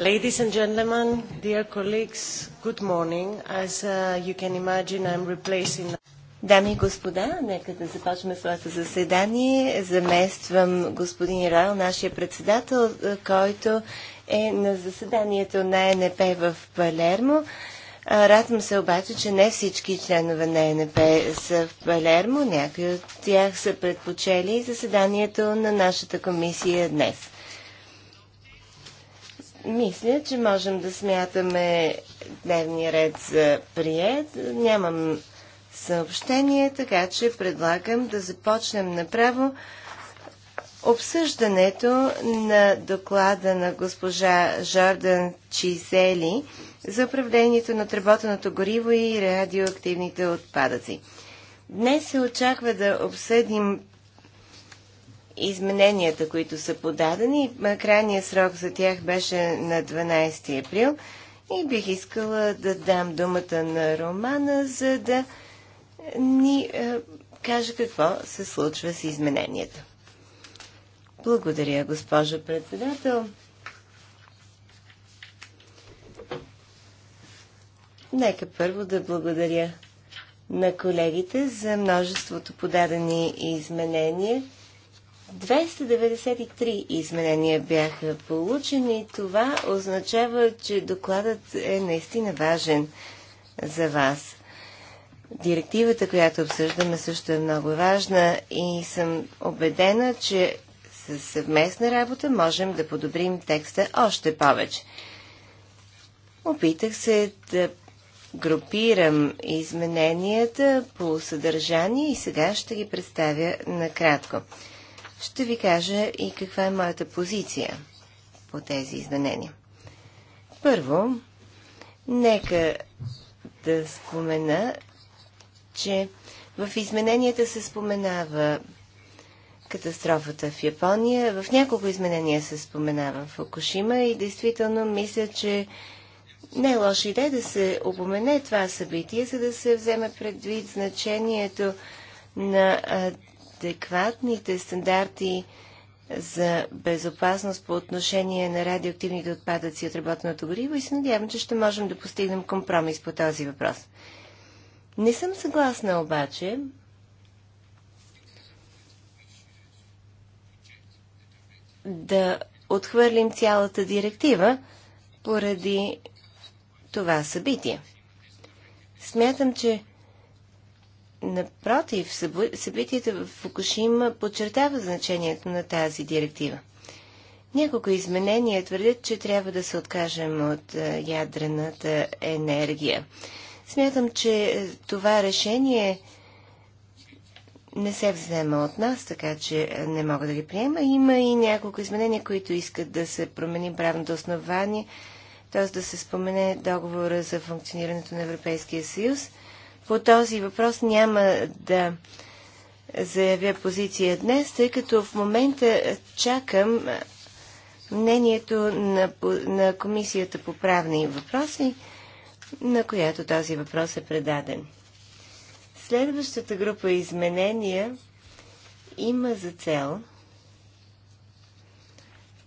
Ladies and gentlemen, dear colleagues, good morning. As uh, you can imagine, I'm replacing... Дами и господа, нека да започнем своето заседание. Замествам господин Райл, нашия председател, е, който е на заседанието на ЕНП в Палермо. Радвам се обаче, че не всички членове на ЕНП са в Палермо. Някои от тях са предпочели заседанието на нашата комисия днес. Мисля, че можем да смятаме дневния ред за прият. Нямам съобщение, така че предлагам да започнем направо обсъждането на доклада на госпожа Жордан Чизели за управлението на отработеното гориво и радиоактивните отпадъци. Днес се очаква да обсъдим измененията, които са подадени. Крайният срок за тях беше на 12 април и бих искала да дам думата на Романа, за да ни е, каже какво се случва с измененията. Благодаря, госпожа председател. Нека първо да благодаря на колегите за множеството подадени изменения. 293 изменения бяха получени. Това означава, че докладът е наистина важен за вас. Директивата, която обсъждаме, също е много важна и съм убедена, че с съвместна работа можем да подобрим текста още повече. Опитах се да групирам измененията по съдържание и сега ще ги представя накратко ще ви кажа и каква е моята позиция по тези изменения. Първо, нека да спомена, че в измененията се споменава катастрофата в Япония. В няколко изменения се споменава Окушима и действително мисля, че не е лоша идея да се опомене това събитие, за да се вземе предвид значението на адекватните стандарти за безопасност по отношение на радиоактивните отпадъци от работното гориво и се надявам, че ще можем да постигнем компромис по този въпрос. Не съм съгласна обаче да отхвърлим цялата директива поради това събитие. Смятам, че Напротив, събитията в Фукушима подчертава значението на тази директива. Няколко изменения твърдят, че трябва да се откажем от е, ядрената енергия. Смятам, че е, това решение не се взема от нас, така че е, не мога да ги приема. Има и няколко изменения, които искат да се промени правното основание, т.е. да се спомене договора за функционирането на Европейския съюз – по този въпрос няма да заявя позиция днес, тъй като в момента чакам мнението на, на Комисията по правни въпроси, на която този въпрос е предаден. Следващата група изменения има за цел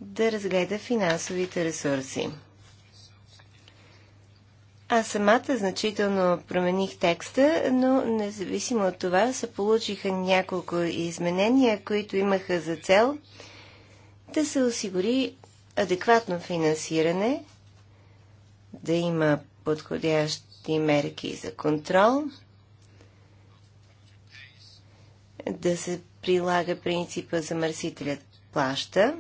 да разгледа финансовите ресурси. Аз самата значително промених текста, но независимо от това се получиха няколко изменения, които имаха за цел да се осигури адекватно финансиране, да има подходящи мерки за контрол, да се прилага принципа замърсителят плаща,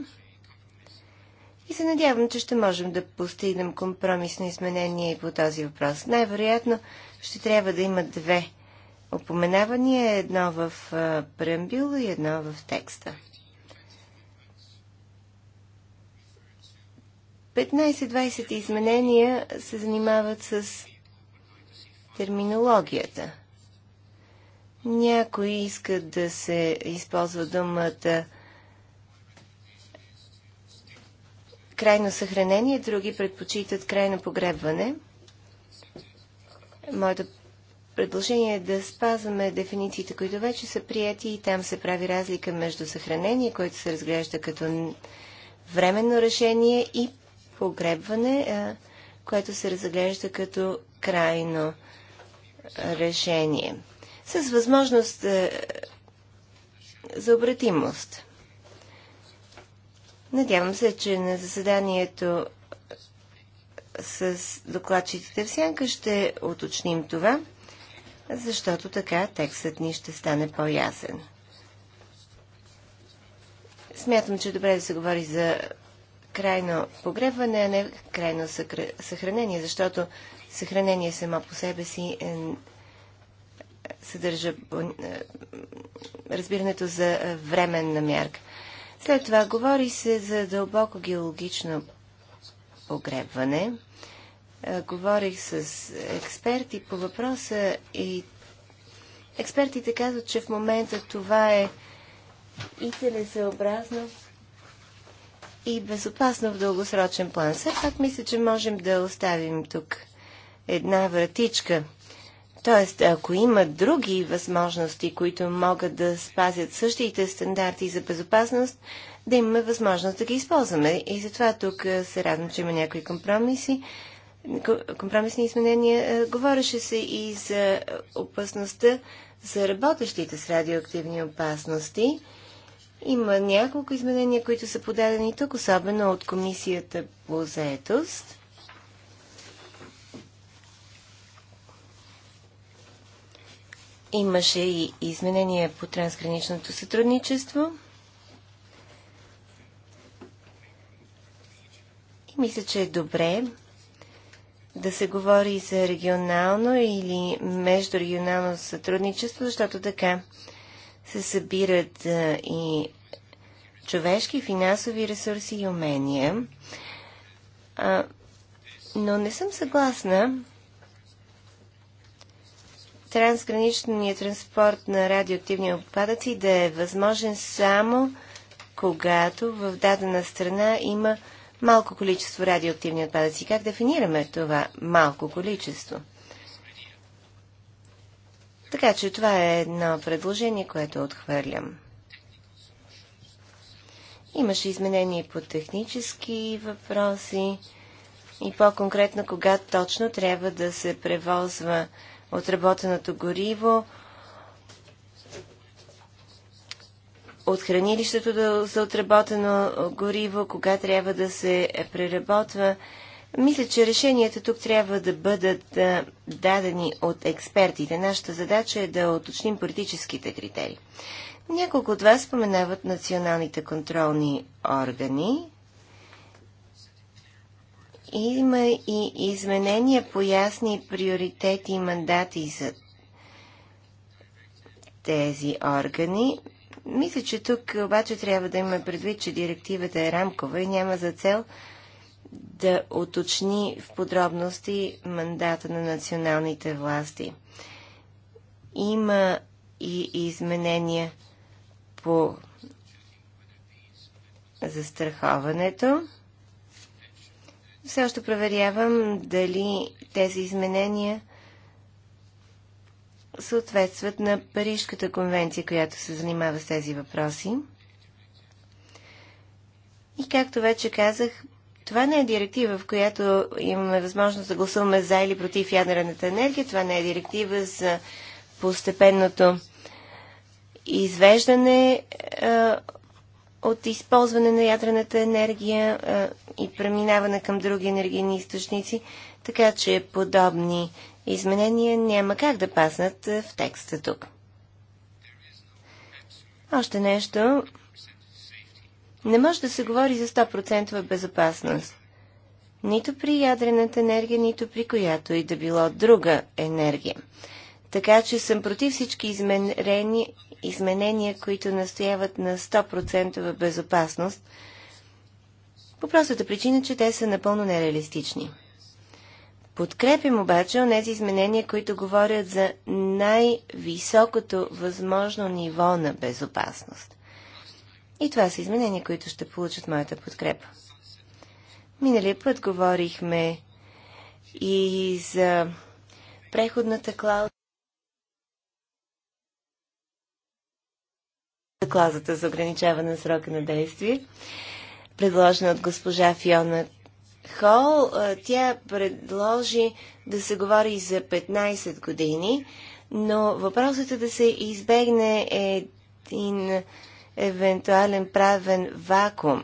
и се надявам, че ще можем да постигнем компромисно изменение и по този въпрос. Най-вероятно ще трябва да има две опоменавания, едно в преамбюла и едно в текста. 15-20 изменения се занимават с терминологията. Някои искат да се използва думата крайно съхранение, други предпочитат крайно погребване. Моето предложение е да спазваме дефинициите, които вече са прияти и там се прави разлика между съхранение, което се разглежда като временно решение и погребване, което се разглежда като крайно решение. С възможност за обратимост. Надявам се, че на заседанието с докладчиците в сянка ще уточним това, защото така текстът ни ще стане по-ясен. Смятам, че е добре да се говори за крайно погребване, а не крайно съхранение, защото съхранение само по себе си е, съдържа е, разбирането за временна мярка. След това говори се за дълбоко геологично погребване. Е, говорих с експерти по въпроса и експертите казват, че в момента това е и целесъобразно, и безопасно в дългосрочен план. Все пак мисля, че можем да оставим тук една вратичка Тоест, ако има други възможности, които могат да спазят същите стандарти за безопасност, да имаме възможност да ги използваме. И затова тук се радвам, че има някои компромиси, компромисни изменения. Говореше се и за опасността за работещите с радиоактивни опасности. Има няколко изменения, които са подадени тук, особено от Комисията по заетост. Имаше и изменения по трансграничното сътрудничество. И мисля, че е добре да се говори за регионално или междурегионално сътрудничество, защото така се събират и човешки, финансови ресурси и умения. но не съм съгласна трансграничният транспорт на радиоактивни отпадъци да е възможен само когато в дадена страна има малко количество радиоактивни отпадъци. Как дефинираме това малко количество? Така че това е едно предложение, което отхвърлям. Имаше изменения по технически въпроси и по-конкретно кога точно трябва да се превозва отработеното гориво, от хранилището за отработено гориво, кога трябва да се преработва. Мисля, че решенията тук трябва да бъдат дадени от експертите. Нашата задача е да уточним политическите критерии. Няколко от вас споменават националните контролни органи. Има и изменения по ясни приоритети и мандати за тези органи. Мисля, че тук обаче трябва да има предвид, че директивата е рамкова и няма за цел да уточни в подробности мандата на националните власти. Има и изменения по застраховането. Все още проверявам дали тези изменения съответстват на Парижката конвенция, която се занимава с тези въпроси. И както вече казах, това не е директива, в която имаме възможност да гласуваме за или против ядрената енергия. Това не е директива за постепенното извеждане от използване на ядрената енергия а, и преминаване към други енергийни източници, така че подобни изменения няма как да паснат в текста тук. Още нещо. Не може да се говори за 100% безопасност. Нито при ядрената енергия, нито при която и да било друга енергия. Така че съм против всички измерени, изменения, които настояват на 100% безопасност, по простата причина, че те са напълно нереалистични. Подкрепим обаче тези изменения, които говорят за най-високото възможно ниво на безопасност. И това са изменения, които ще получат моята подкрепа. Миналия път говорихме и за преходната клауза. За клаузата за ограничаване на срока на действие, предложена от госпожа Фиона Хол. Тя предложи да се говори за 15 години, но въпросът е да се избегне един евентуален правен вакуум.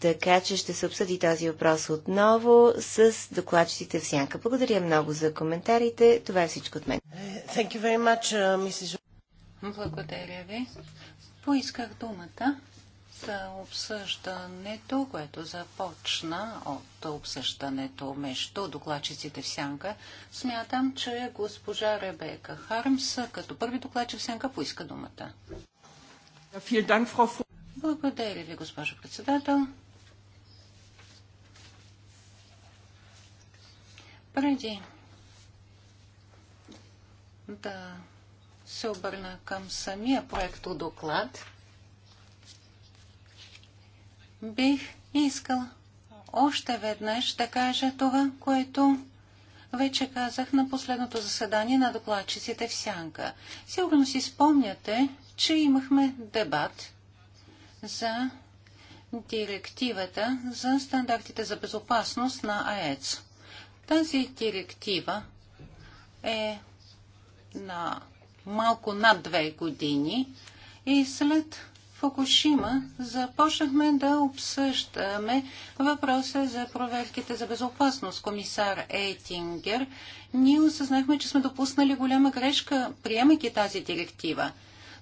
Така че ще се обсъди този въпрос отново с докладчиците в сянка. Благодаря много за коментарите. Това е всичко от мен. Uh, Благодаря ви. Поисках думата за обсъждането, което започна от обсъждането между докладчиците в Сянка. Смятам, че госпожа Ребека Хармс като първи докладчик в Сянка поиска думата. Благодаря ви, госпожо председател. Преди да се обърна към самия проекто доклад, бих искал още веднъж да кажа това, което вече казах на последното заседание на докладчиците в Сянка. Сигурно си спомняте, че имахме дебат за директивата за стандартите за безопасност на АЕЦ. Тази директива е на малко над две години и след Фукушима започнахме да обсъждаме въпроса за проверките за безопасност. Комисар Ейтингер, ние осъзнахме, че сме допуснали голяма грешка, приемайки тази директива.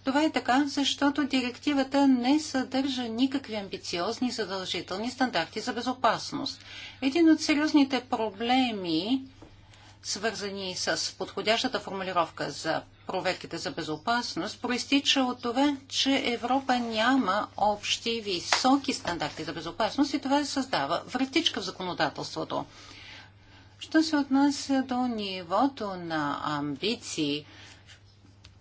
Това е така, защото директивата не съдържа никакви амбициозни задължителни стандарти за безопасност. Един от сериозните проблеми свързани с подходящата формулировка за проверките за безопасност, проистича от това, че Европа няма общи високи стандарти за безопасност и това създава вратичка в законодателството. Що се отнася до нивото на амбиции,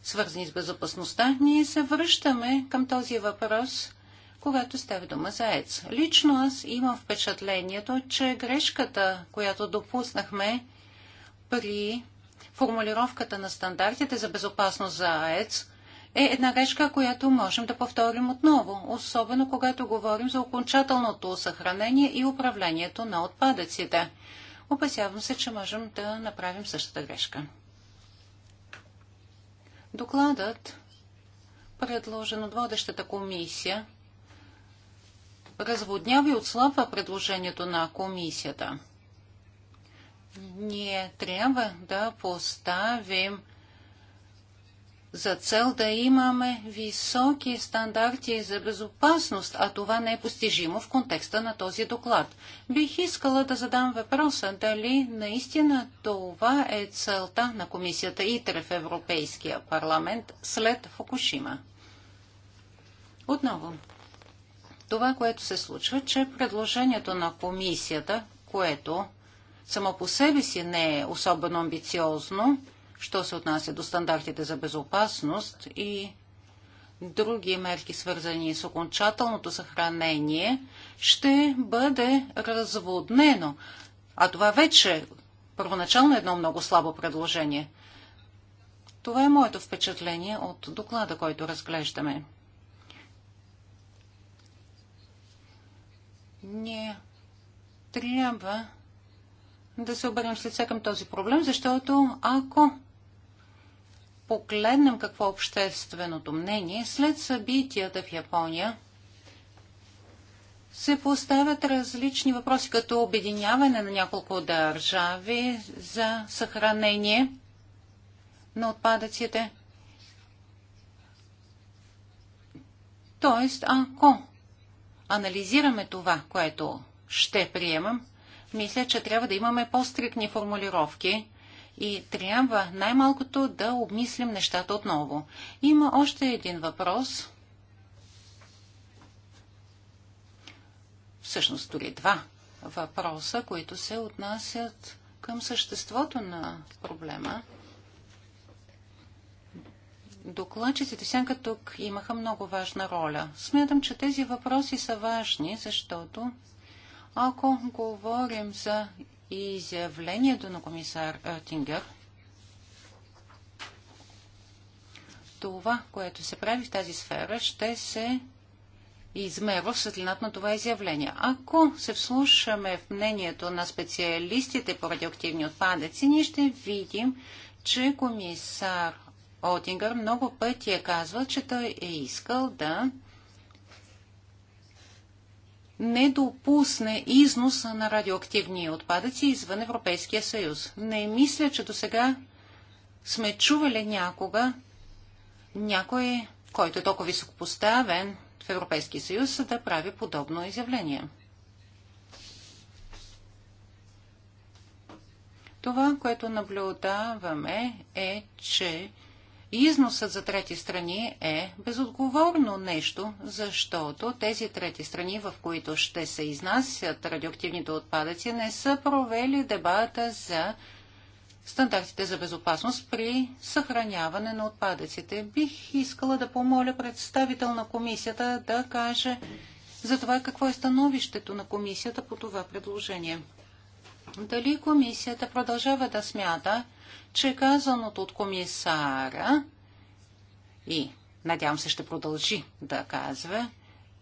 свързани с безопасността, ние се връщаме към този въпрос, когато става дума за ЕЦ. Лично аз имам впечатлението, че грешката, която допуснахме, при формулировката на стандартите за безопасност за АЕЦ е една грешка, която можем да повторим отново, особено когато говорим за окончателното съхранение и управлението на отпадъците. Опасявам се, че можем да направим същата грешка. Докладът, предложен от водещата комисия, разводнява и отслабва предложението на комисията ние трябва да поставим за цел да имаме високи стандарти за безопасност, а това не е постижимо в контекста на този доклад. Бих искала да задам въпроса дали наистина това е целта на комисията ИТР в Европейския парламент след Фукушима. Отново, това, което се случва, че предложението на комисията, което само по себе си не е особено амбициозно, що се отнася до стандартите за безопасност и други мерки, свързани с окончателното съхранение, ще бъде разводнено. А това вече е първоначално е едно много слабо предложение. Това е моето впечатление от доклада, който разглеждаме. Ние трябва да се обърнем след сега към този проблем, защото ако погледнем какво е общественото мнение, след събитията в Япония се поставят различни въпроси, като обединяване на няколко държави за съхранение на отпадъците. Тоест, ако анализираме това, което ще приемам, мисля, че трябва да имаме по-стрикни формулировки и трябва най-малкото да обмислим нещата отново. Има още един въпрос. Всъщност дори два въпроса, които се отнасят към съществото на проблема. Докладчиците сянка тук имаха много важна роля. Смятам, че тези въпроси са важни, защото ако говорим за изявлението на комисар Тингер, това, което се прави в тази сфера, ще се измерва в светлината на това изявление. Ако се вслушаме в мнението на специалистите по радиоактивни отпадъци, ние ще видим, че комисар Отингър много пъти е казвал, че той е искал да не допусне износ на радиоактивни отпадъци извън Европейския съюз. Не мисля, че до сега сме чували някога някой, който е толкова високопоставен в Европейския съюз, да прави подобно изявление. Това, което наблюдаваме е, че износът за трети страни е безотговорно нещо, защото тези трети страни, в които ще се изнасят радиоактивните отпадъци, не са провели дебата за стандартите за безопасност при съхраняване на отпадъците. Бих искала да помоля представител на комисията да каже за това какво е становището на комисията по това предложение. Дали комисията продължава да смята, че казаното от комисара и надявам се ще продължи да казва,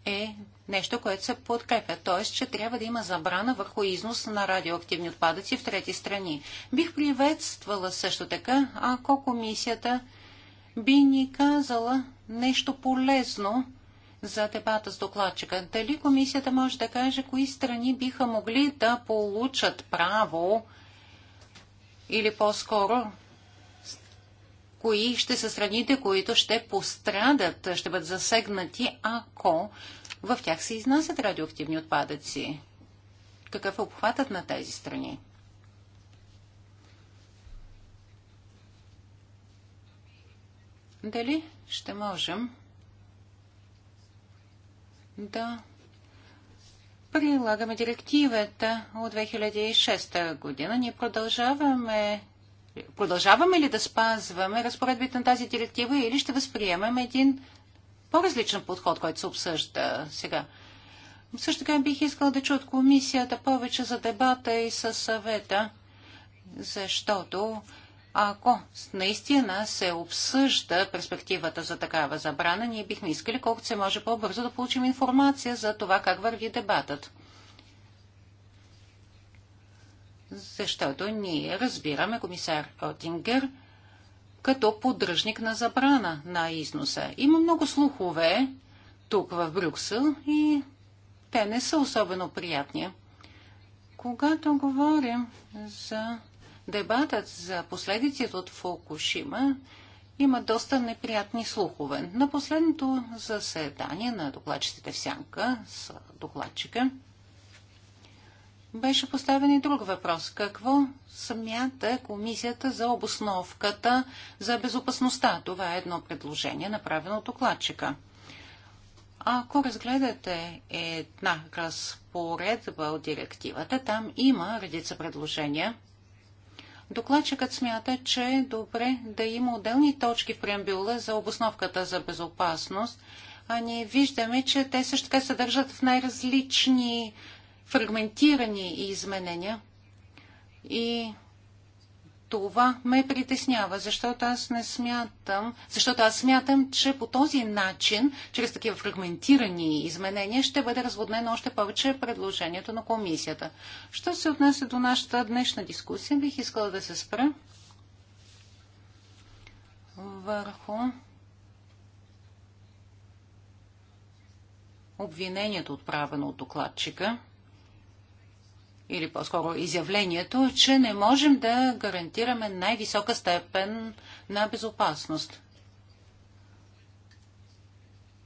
е нещо, което се подкрепя. Т.е. че трябва да има забрана върху износ на радиоактивни отпадъци в трети страни. Бих приветствала също така, ако комисията би ни казала нещо полезно за дебата с докладчика. Дали комисията може да каже кои страни биха могли да получат право или по-скоро кои ще са страните, които ще пострадат, ще бъдат засегнати, ако в тях се изнасят радиоактивни отпадъци? Какъв е обхватът на тези страни? Дали ще можем да прилагаме директивата от 2006 година. Ние продължаваме Продължаваме ли да спазваме разпоредбите на тази директива или ще възприемем един по-различен подход, който се обсъжда сега? Също така бих искал да чуя от комисията повече за дебата и със съвета, защото ако наистина се обсъжда перспективата за такава забрана, ние бихме искали колкото се може по-бързо да получим информация за това как върви дебатът. Защото ние разбираме комисар Отингер като поддръжник на забрана на износа. Има много слухове тук в Брюксел и те не са особено приятни. Когато говорим за Дебатът за последиците от Фукушима има доста неприятни слухове. На последното заседание на докладчиците в Сянка с докладчика беше поставен и друг въпрос. Какво смята комисията за обосновката за безопасността? Това е едно предложение, направено от докладчика. Ако разгледате една разпоредба от директивата, там има редица предложения. Докладчикът смята, че е добре да има отделни точки в преамбюла за обосновката за безопасност, а ние виждаме, че те също така съдържат в най-различни фрагментирани изменения. И това ме притеснява, защото аз не смятам, защото аз смятам, че по този начин, чрез такива фрагментирани изменения, ще бъде разводнено още повече предложението на комисията. Що се отнася до нашата днешна дискусия, бих искала да се спра върху обвинението, отправено от докладчика – или по-скоро изявлението, че не можем да гарантираме най-висока степен на безопасност.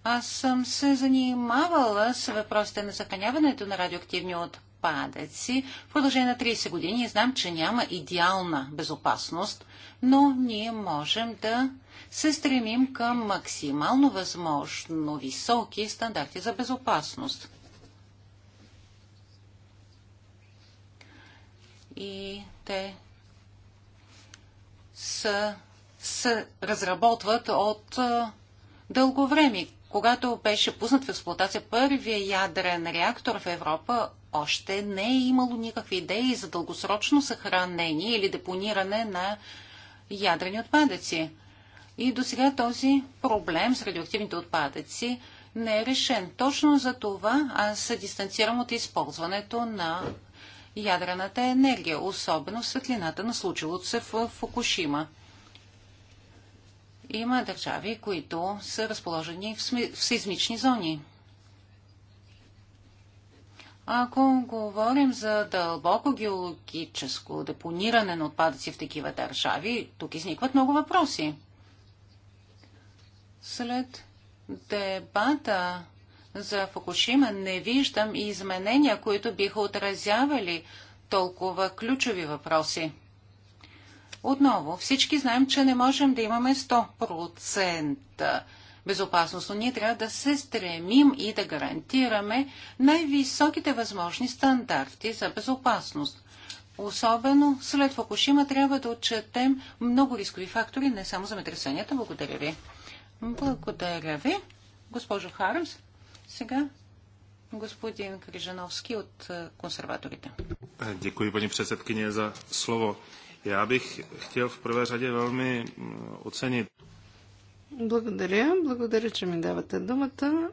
Аз съм се занимавала с въпросите на съхраняването на радиоактивни отпадъци в продължение на 30 години и знам, че няма идеална безопасност, но ние можем да се стремим към максимално възможно високи стандарти за безопасност. и те са, са разработват от дълго време. Когато беше пуснат в експлуатация първия ядрен реактор в Европа, още не е имало никакви идеи за дългосрочно съхранение или депониране на ядрени отпадъци. И до сега този проблем с радиоактивните отпадъци не е решен. Точно за това аз се дистанцирам от използването на ядрената енергия, особено в светлината на случилото се в Фукушима. Има държави, които са разположени в, сми... в сейзмични зони. Ако говорим за дълбоко геологическо депониране на отпадъци в такива държави, тук изникват много въпроси. След дебата за Фукушима не виждам и изменения, които биха отразявали толкова ключови въпроси. Отново, всички знаем, че не можем да имаме 100% безопасност, но ние трябва да се стремим и да гарантираме най-високите възможни стандарти за безопасност. Особено след Фукушима трябва да отчетем много рискови фактори, не само за метресенията. Благодаря ви. Благодаря ви. Госпожо Хармс. Сега господин Крижановски от е, консерваторите. Děkuji, paní předsedkyně, за slovo. Já bych chtěl v prvé řadě velmi ocenit. Благодаря. Благодаря, че ми давате думата.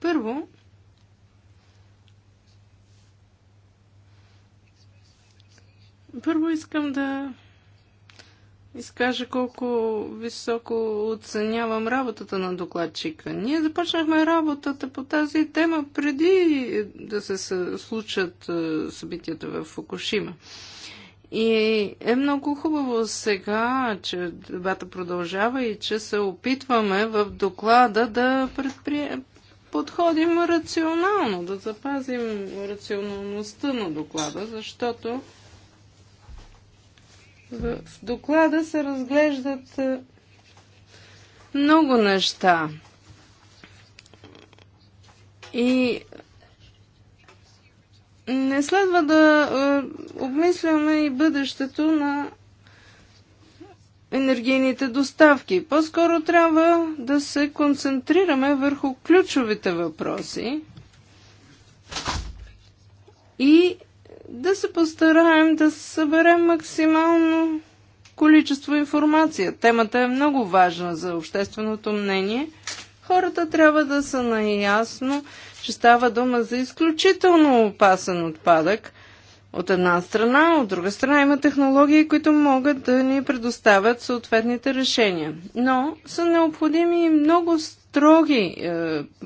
Първо, първо искам да изкажа колко високо оценявам работата на докладчика. Ние започнахме работата по тази тема преди да се случат е, събитията в Фукушима. И е много хубаво сега, че дебата продължава и че се опитваме в доклада да предприемем подходим рационално, да запазим рационалността на доклада, защото в доклада се разглеждат е, много неща. И не следва да е, обмисляме и бъдещето на енергийните доставки. По-скоро трябва да се концентрираме върху ключовите въпроси и да се постараем да съберем максимално количество информация. Темата е много важна за общественото мнение. Хората трябва да са наясно, че става дума за изключително опасен отпадък. От една страна, от друга страна има технологии, които могат да ни предоставят съответните решения. Но са необходими много строги е,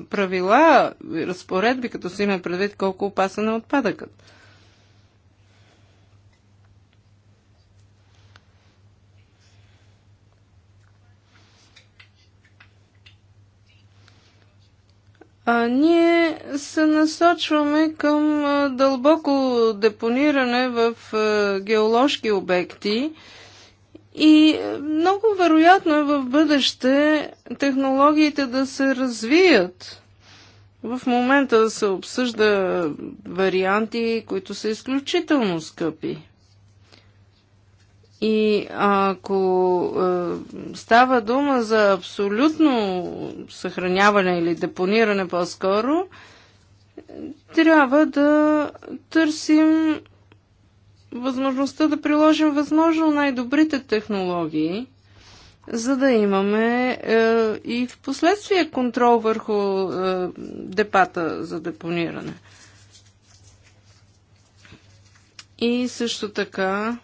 правила, разпоредби, като се има предвид колко опасен е отпадъкът. А, ние се насочваме към а, дълбоко депониране в а, геоложки обекти и много вероятно е в бъдеще технологиите да се развият. В момента се обсъжда варианти, които са изключително скъпи. И ако а, е, става дума за абсолютно съхраняване или депониране по-скоро, трябва да търсим възможността да приложим възможно най-добрите технологии, за да имаме е, и в последствие контрол върху е, депата за депониране. И също така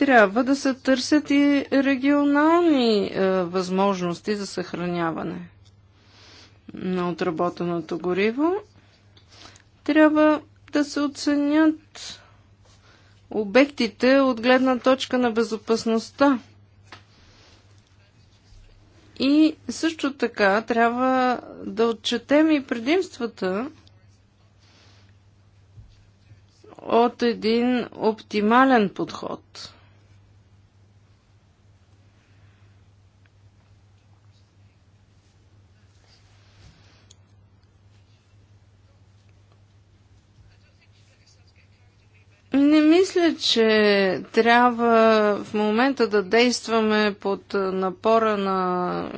трябва да се търсят и регионални е, възможности за съхраняване на отработеното гориво. Трябва да се оценят обектите от гледна точка на безопасността. И също така трябва да отчетем и предимствата от един оптимален подход. Не мисля, че трябва в момента да действаме под напора на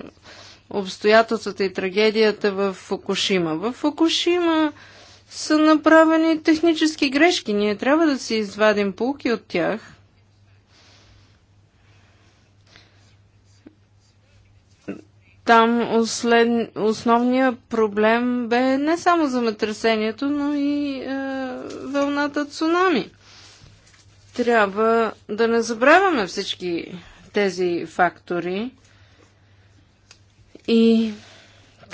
обстоятелствата и трагедията в Фукушима. В Фукушима са направени технически грешки. Ние трябва да си извадим полки от тях. Там услед... основният проблем бе не само земетресението, но и е, вълната цунами. Трябва да не забравяме всички тези фактори и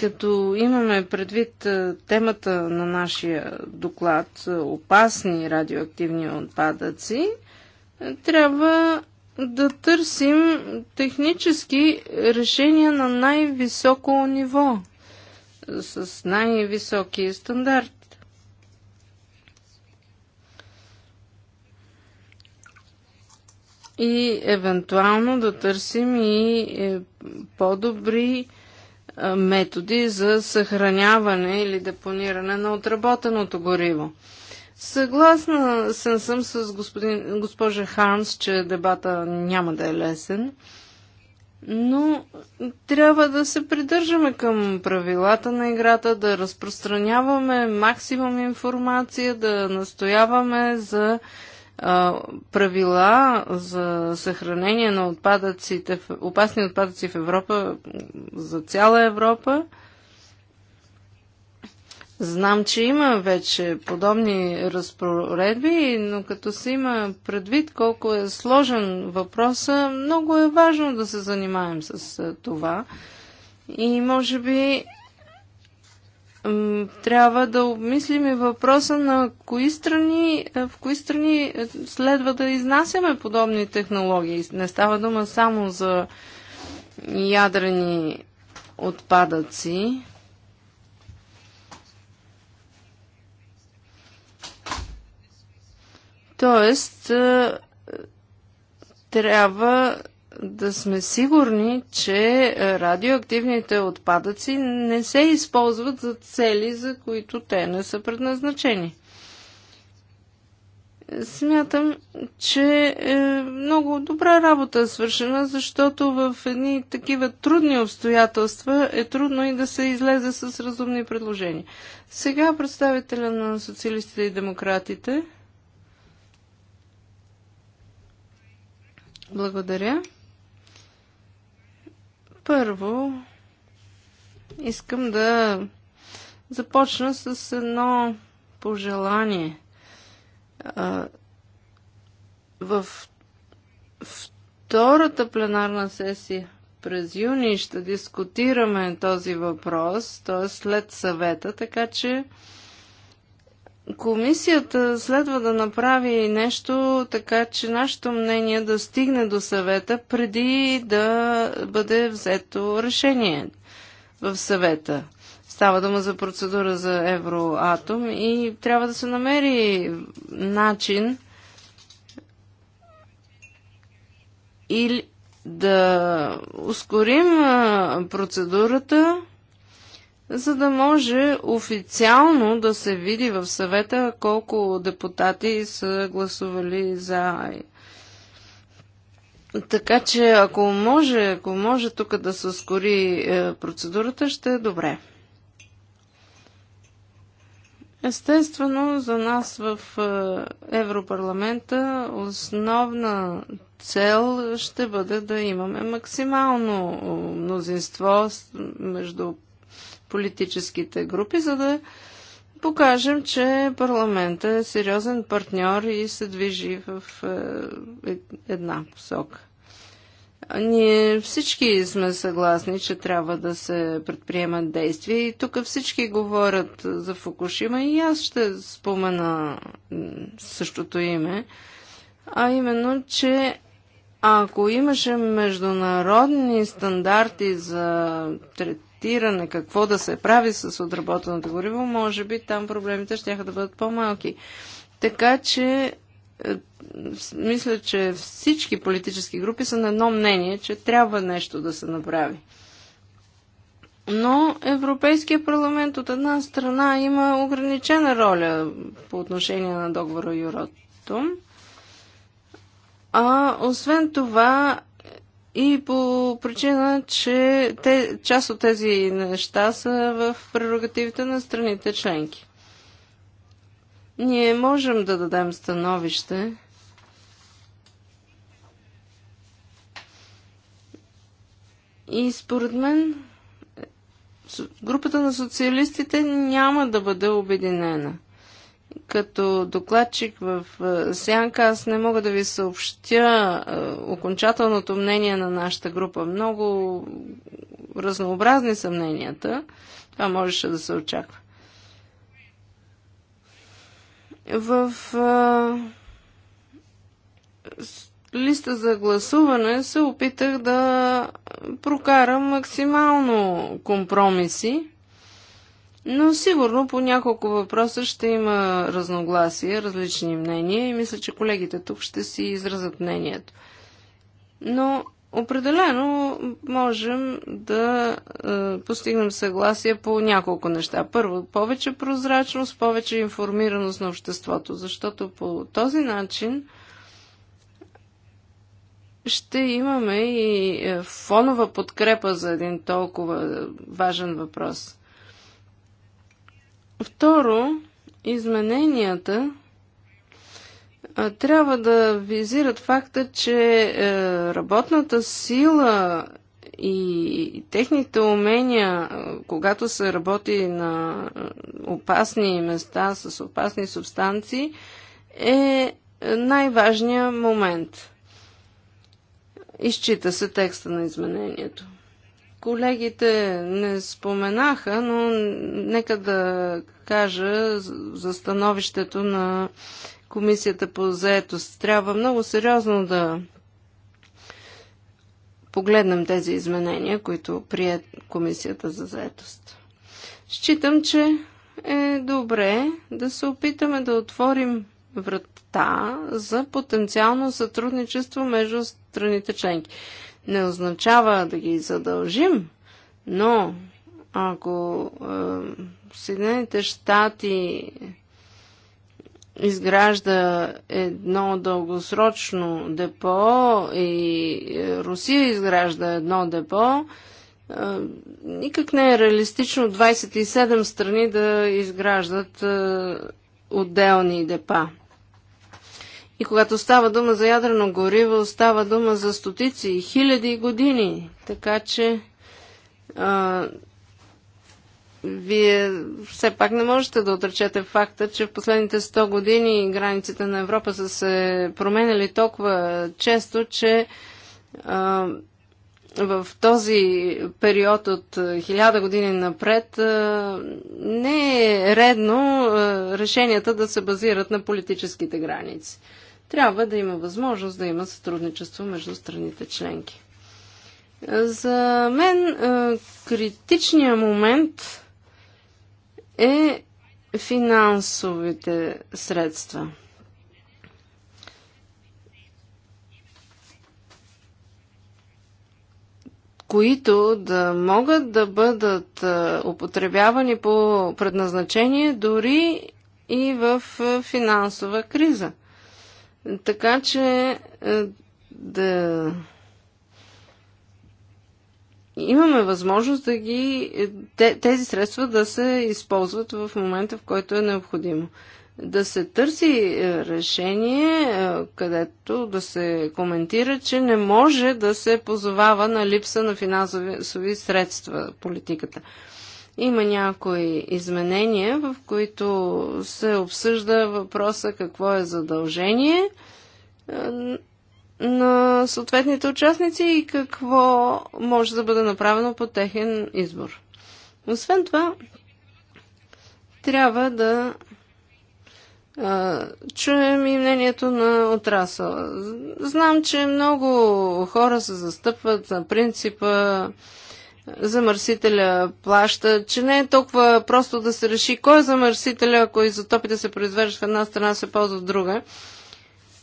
като имаме предвид е, темата на нашия доклад е, опасни радиоактивни отпадъци, е, трябва да търсим технически решения на най-високо ниво, с най-високи стандарти. и евентуално да търсим и е, по-добри е, методи за съхраняване или депониране на отработеното гориво. Съгласна съм, съм с господин, госпожа Ханс, че дебата няма да е лесен, но трябва да се придържаме към правилата на играта, да разпространяваме максимум информация, да настояваме за правила за съхранение на отпадъците, опасни отпадъци в Европа, за цяла Европа. Знам, че има вече подобни разпоредби, но като се има предвид колко е сложен въпроса, много е важно да се занимаем с това. И може би трябва да обмислим и въпроса на кои страни, е, в кои страни е, следва да изнасяме подобни технологии. Не става дума само за ядрени отпадъци. Тоест, е, трябва да сме сигурни, че радиоактивните отпадъци не се използват за цели, за които те не са предназначени. Смятам, че е много добра работа е свършена, защото в едни такива трудни обстоятелства е трудно и да се излезе с разумни предложения. Сега представителя на социалистите и демократите. Благодаря. Първо, искам да започна с едно пожелание. В втората пленарна сесия през юни ще дискутираме този въпрос, т.е. след съвета, така че Комисията следва да направи нещо така, че нашето мнение да стигне до съвета преди да бъде взето решение в съвета. Става дума за процедура за Евроатом и трябва да се намери начин или да ускорим процедурата за да може официално да се види в съвета колко депутати са гласували за. Така че, ако може, ако може тук да се ускори е, процедурата, ще е добре. Естествено, за нас в е, Европарламента основна цел ще бъде да имаме максимално е, мнозинство между политическите групи, за да покажем, че парламента е сериозен партньор и се движи в е, е, една посока. Ние всички сме съгласни, че трябва да се предприемат действия и тук всички говорят за Фукушима и аз ще спомена същото име, а именно, че ако имаше международни стандарти за проектиране, какво да се прави с отработеното гориво, може би там проблемите ще да бъдат по-малки. Така че е, мисля, че всички политически групи са на едно мнение, че трябва нещо да се направи. Но Европейския парламент от една страна има ограничена роля по отношение на договора Юротум. А освен това, и по причина, че те, част от тези неща са в прерогативите на страните членки. Ние можем да дадем становище. И според мен групата на социалистите няма да бъде обединена – като докладчик в е, Сянка аз не мога да ви съобщя е, окончателното мнение на нашата група. Много разнообразни са мненията. Това можеше да се очаква. В е, листа за гласуване се опитах да прокарам максимално компромиси. Но сигурно по няколко въпроса ще има разногласия, различни мнения и мисля, че колегите тук ще си изразят мнението. Но определено можем да е, постигнем съгласие по няколко неща. Първо, повече прозрачност, повече информираност на обществото, защото по този начин ще имаме и е, фонова подкрепа за един толкова важен въпрос. Второ, измененията трябва да визират факта, че е, работната сила и техните умения, е, когато се работи на е, опасни места с опасни субстанции, е най-важният момент. Изчита се текста на изменението. Колегите не споменаха, но нека да кажа за становището на Комисията по заетост. Трябва много сериозно да погледнем тези изменения, които прие Комисията за заетост. Считам, че е добре да се опитаме да отворим врата за потенциално сътрудничество между страните членки не означава да ги задължим, но ако е, Съединените щати изгражда едно дългосрочно депо и е, Русия изгражда едно депо, е, никак не е реалистично 27 страни да изграждат е, отделни депа. И когато става дума за ядрено гориво, става дума за стотици и хиляди години. Така че а, вие все пак не можете да отречете факта, че в последните 100 години границите на Европа са се променяли толкова често, че а, в този период от хиляда години напред не е редно решенията да се базират на политическите граници трябва да има възможност да има сътрудничество между страните членки. За мен е, критичният момент е финансовите средства. които да могат да бъдат е, употребявани по предназначение дори и в е, финансова криза – така че е, да имаме възможност да ги, е, тези средства да се използват в момента, в който е необходимо. Да се търси е, решение, където да се коментира, че не може да се позовава на липса на финансови средства политиката. Има някои изменения, в които се обсъжда въпроса какво е задължение е, на съответните участници и какво може да бъде направено по техен избор. Освен това, трябва да а, чуем и мнението на отрасъла. Знам, че много хора се застъпват на принципа замърсителя плаща, че не е толкова просто да се реши кой е замърсителя, ако изотопите се произвеждат в една страна, се ползват в друга.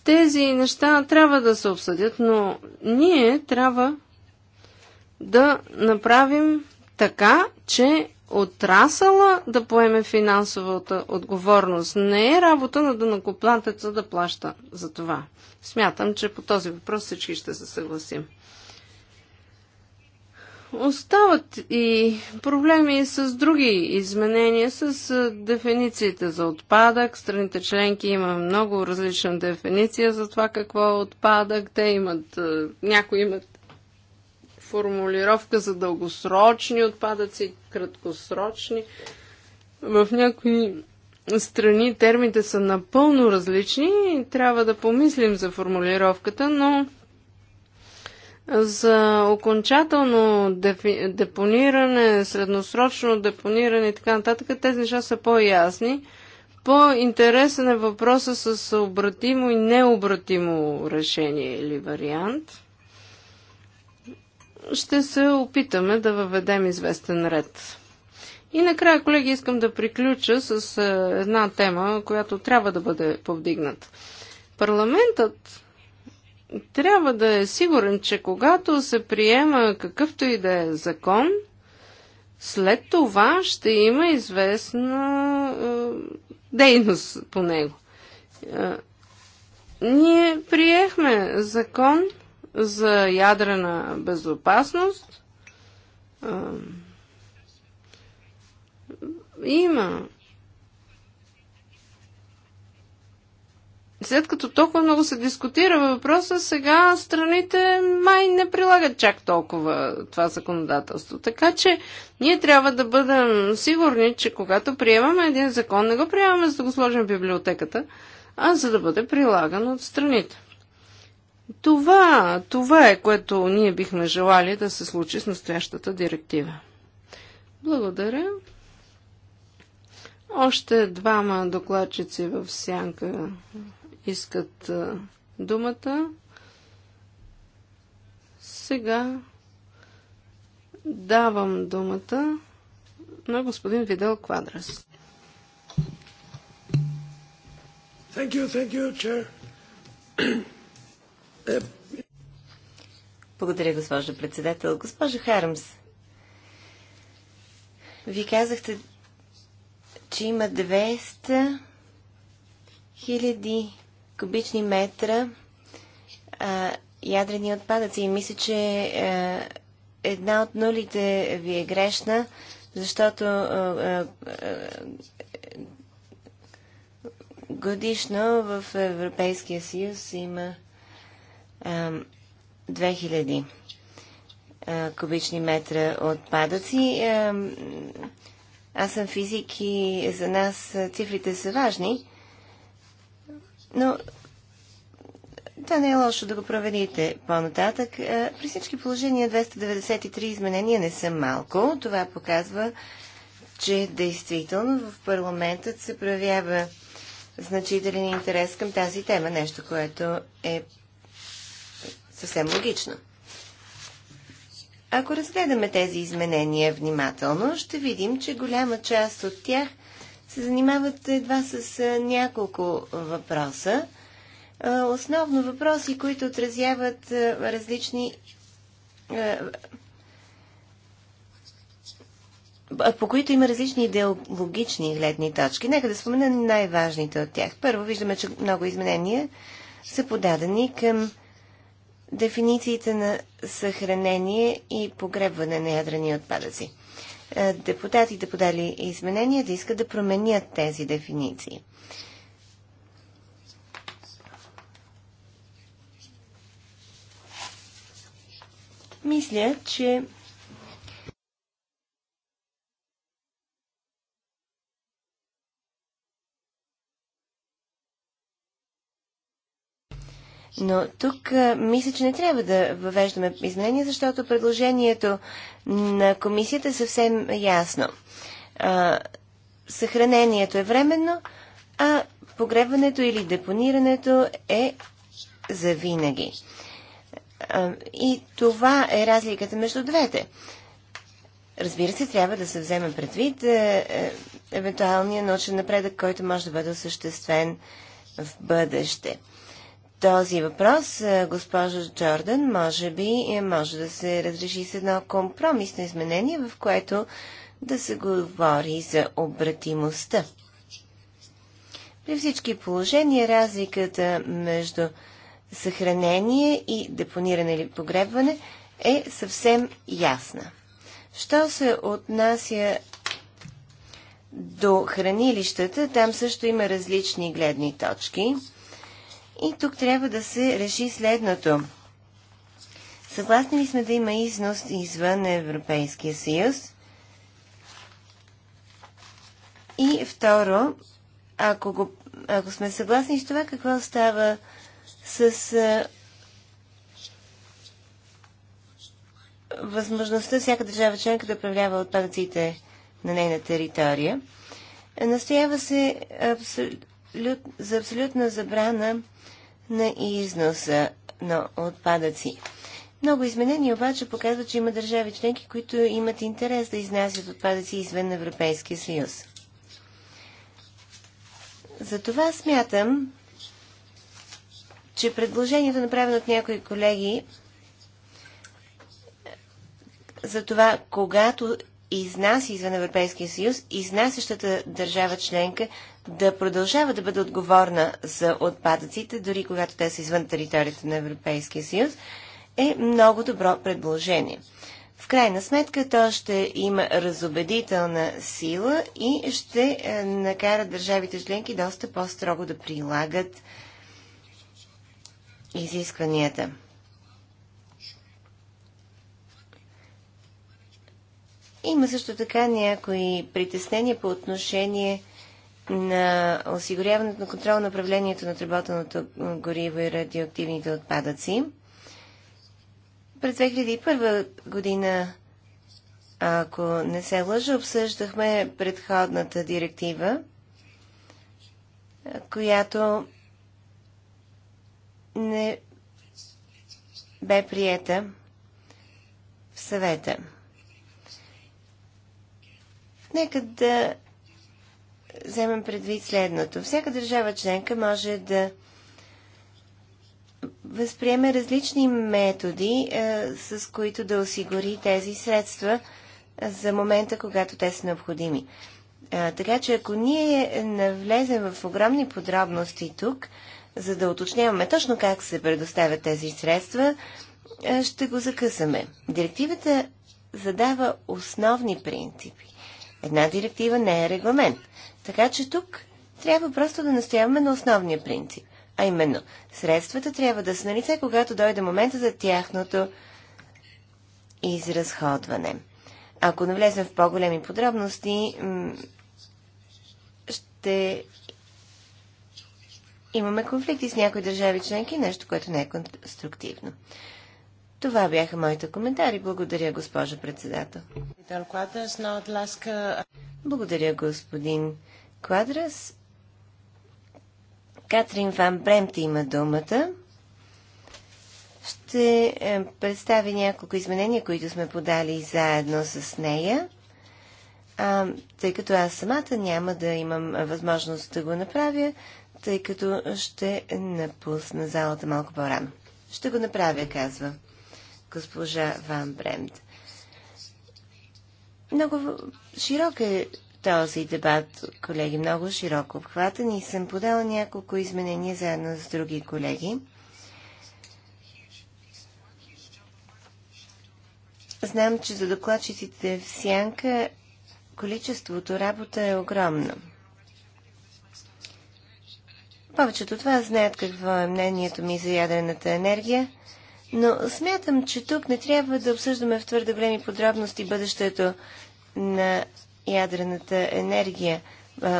Тези неща трябва да се обсъдят, но ние трябва да направим така, че отрасъла да поеме финансовата отговорност. Не е работа на дънакоплатеца да плаща за това. Смятам, че по този въпрос всички ще се съгласим. Остават и проблеми с други изменения, с дефинициите за отпадък. Страните членки има много различна дефиниция за това какво е отпадък. Те имат, някои имат формулировка за дългосрочни отпадъци, краткосрочни. В някои страни термите са напълно различни и трябва да помислим за формулировката, но за окончателно депониране, средносрочно депониране и така нататък, тези неща са по-ясни. По-интересен е въпроса с обратимо и необратимо решение или вариант. Ще се опитаме да въведем известен ред. И накрая, колеги, искам да приключа с е, една тема, която трябва да бъде повдигната. Парламентът трябва да е сигурен, че когато се приема какъвто и да е закон, след това ще има известна е, дейност по него. Е, ние приехме закон за ядрена безопасност. Е, има след като толкова много се дискутира въпроса, сега страните май не прилагат чак толкова това законодателство. Така че ние трябва да бъдем сигурни, че когато приемаме един закон, не го приемаме за да го сложим в библиотеката, а за да бъде прилаган от страните. Това, това е което ние бихме желали да се случи с настоящата директива. Благодаря. Още двама докладчици в сянка искат думата. Сега давам думата на господин Видел Квадрас. Thank you, thank you, Благодаря, госпожо председател. Госпожо Хармс, ви казахте, че има 200 хиляди кубични метра а, ядрени отпадъци. И мисля, че а, е, една от нулите ви е грешна, защото а, е, е, годишно в Европейския съюз има 2000 кубични метра отпадъци. Аз съм физик и за нас цифрите са важни. Но това не е лошо да го проверите по-нататък. Е, при всички положения 293 изменения не са малко. Това показва, че действително в парламентът се проявява значителен интерес към тази тема. Нещо, което е съвсем логично. Ако разгледаме тези изменения внимателно, ще видим, че голяма част от тях – се занимават едва с няколко въпроса. Основно въпроси, които отразяват различни по които има различни идеологични гледни точки. Нека да спомена най-важните от тях. Първо, виждаме, че много изменения са подадени към дефинициите на съхранение и погребване на ядрени отпадъци. Е, депутатите подали изменения да искат да променят тези дефиниции. Мисля, че Но тук мисля, че не трябва да въвеждаме изменения, защото предложението на комисията е съвсем ясно. А, съхранението е временно, а погребването или депонирането е завинаги. А, и това е разликата между двете. Разбира се, трябва да се вземе предвид е, е, евентуалния научен напредък, който може да бъде осъществен в бъдеще този въпрос, е, госпожа Джордан, може би е, може да се разреши с едно компромисно изменение, в което да се говори за обратимостта. При всички положения разликата между съхранение и депониране или погребване е съвсем ясна. Що се отнася до хранилищата, там също има различни гледни точки – и тук трябва да се реши следното. Съгласни ли сме да има износ извън Европейския съюз? И второ, ако, го, ако сме съгласни с това, какво става с а, възможността всяка държава членка да управлява отпадъците на нейна територия? Настоява се абсолют, за абсолютна забрана на износа на отпадъци. Много изменения обаче показват, че има държави членки, които имат интерес да изнасят отпадъци извън Европейския съюз. Затова смятам, че предложението, направено от някои колеги, за това, когато изнася извън Европейския съюз, изнасящата държава членка да продължава да бъде отговорна за отпадъците, дори когато те са извън територията на Европейския съюз, е много добро предложение. В крайна сметка то ще има разобедителна сила и ще е, накара държавите членки доста по-строго да прилагат изискванията. Има също така някои притеснения по отношение на осигуряването на контрол на управлението на отработеното гориво и радиоактивните отпадъци. През 2001 година, ако не се лъжа, обсъждахме предходната директива, която не бе приета в съвета. Нека да вземем предвид следното. Всяка държава членка може да възприеме различни методи, е, с които да осигури тези средства е, за момента, когато те са необходими. Е, така че ако ние навлезем в огромни подробности тук, за да уточняваме точно как се предоставят тези средства, ще го закъсаме. Директивата задава основни принципи. Една директива не е регламент – така че тук трябва просто да настояваме на основния принцип. А именно, средствата трябва да са лице, когато дойде момента за тяхното изразходване. Ако навлезем в по-големи подробности, ще имаме конфликти с някои държави членки, нещо, което не е конструктивно. Това бяха моите коментари. Благодаря, госпожо председател. Благодаря, господин Квадрас. Катрин Ван Бремте има думата. Ще е, представи няколко изменения, които сме подали заедно с нея. А, тъй като аз самата няма да имам възможност да го направя, тъй като ще напусна залата малко по-рано. Ще го направя, казва госпожа Ван Бремт. Много широк е този дебат, колеги, много широко обхватен и съм подала няколко изменения заедно с други колеги. Знам, че за докладчиците в Сянка количеството работа е огромно. Повечето от вас знаят какво е мнението ми за ядрената енергия – но смятам, че тук не трябва да обсъждаме в твърде големи подробности бъдещето на ядрената енергия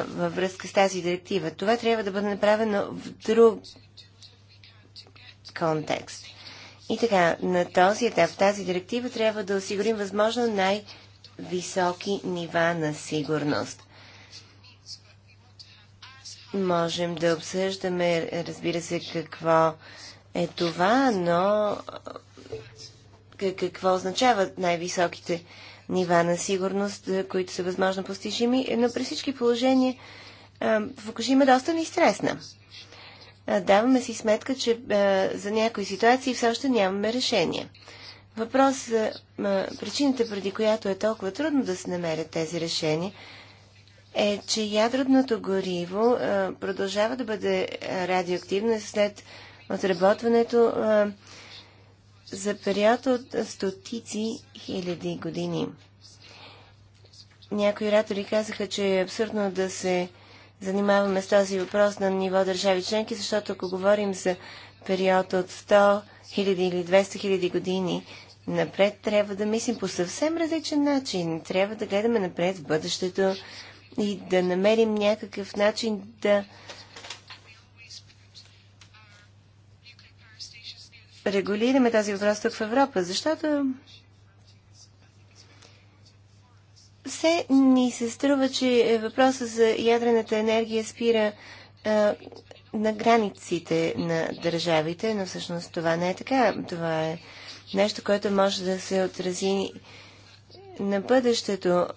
във връзка с тази директива. Това трябва да бъде направено в друг контекст. И така, на този етап, тази директива трябва да осигурим възможно най-високи нива на сигурност. Можем да обсъждаме, разбира се, какво е това, но какво означават най-високите нива на сигурност, които са възможно постижими, е, но при всички положения Фукушима доста ни стресна. Даваме си сметка, че за някои ситуации все още нямаме решение. Въпрос за причината, преди която е толкова трудно да се намерят тези решения, е, че ядродното гориво продължава да бъде радиоактивно след отработването а, за период от стотици хиляди години. Някои оратори казаха, че е абсурдно да се занимаваме с този въпрос на ниво държави членки, защото ако говорим за период от 100 хиляди или 200 хиляди години, напред трябва да мислим по съвсем различен начин. Трябва да гледаме напред в бъдещето и да намерим някакъв начин да регулираме тази въпрос тук в Европа, защото все ни се струва, че въпросът за ядрената енергия спира а, на границите на държавите, но всъщност това не е така. Това е нещо, което може да се отрази на бъдещето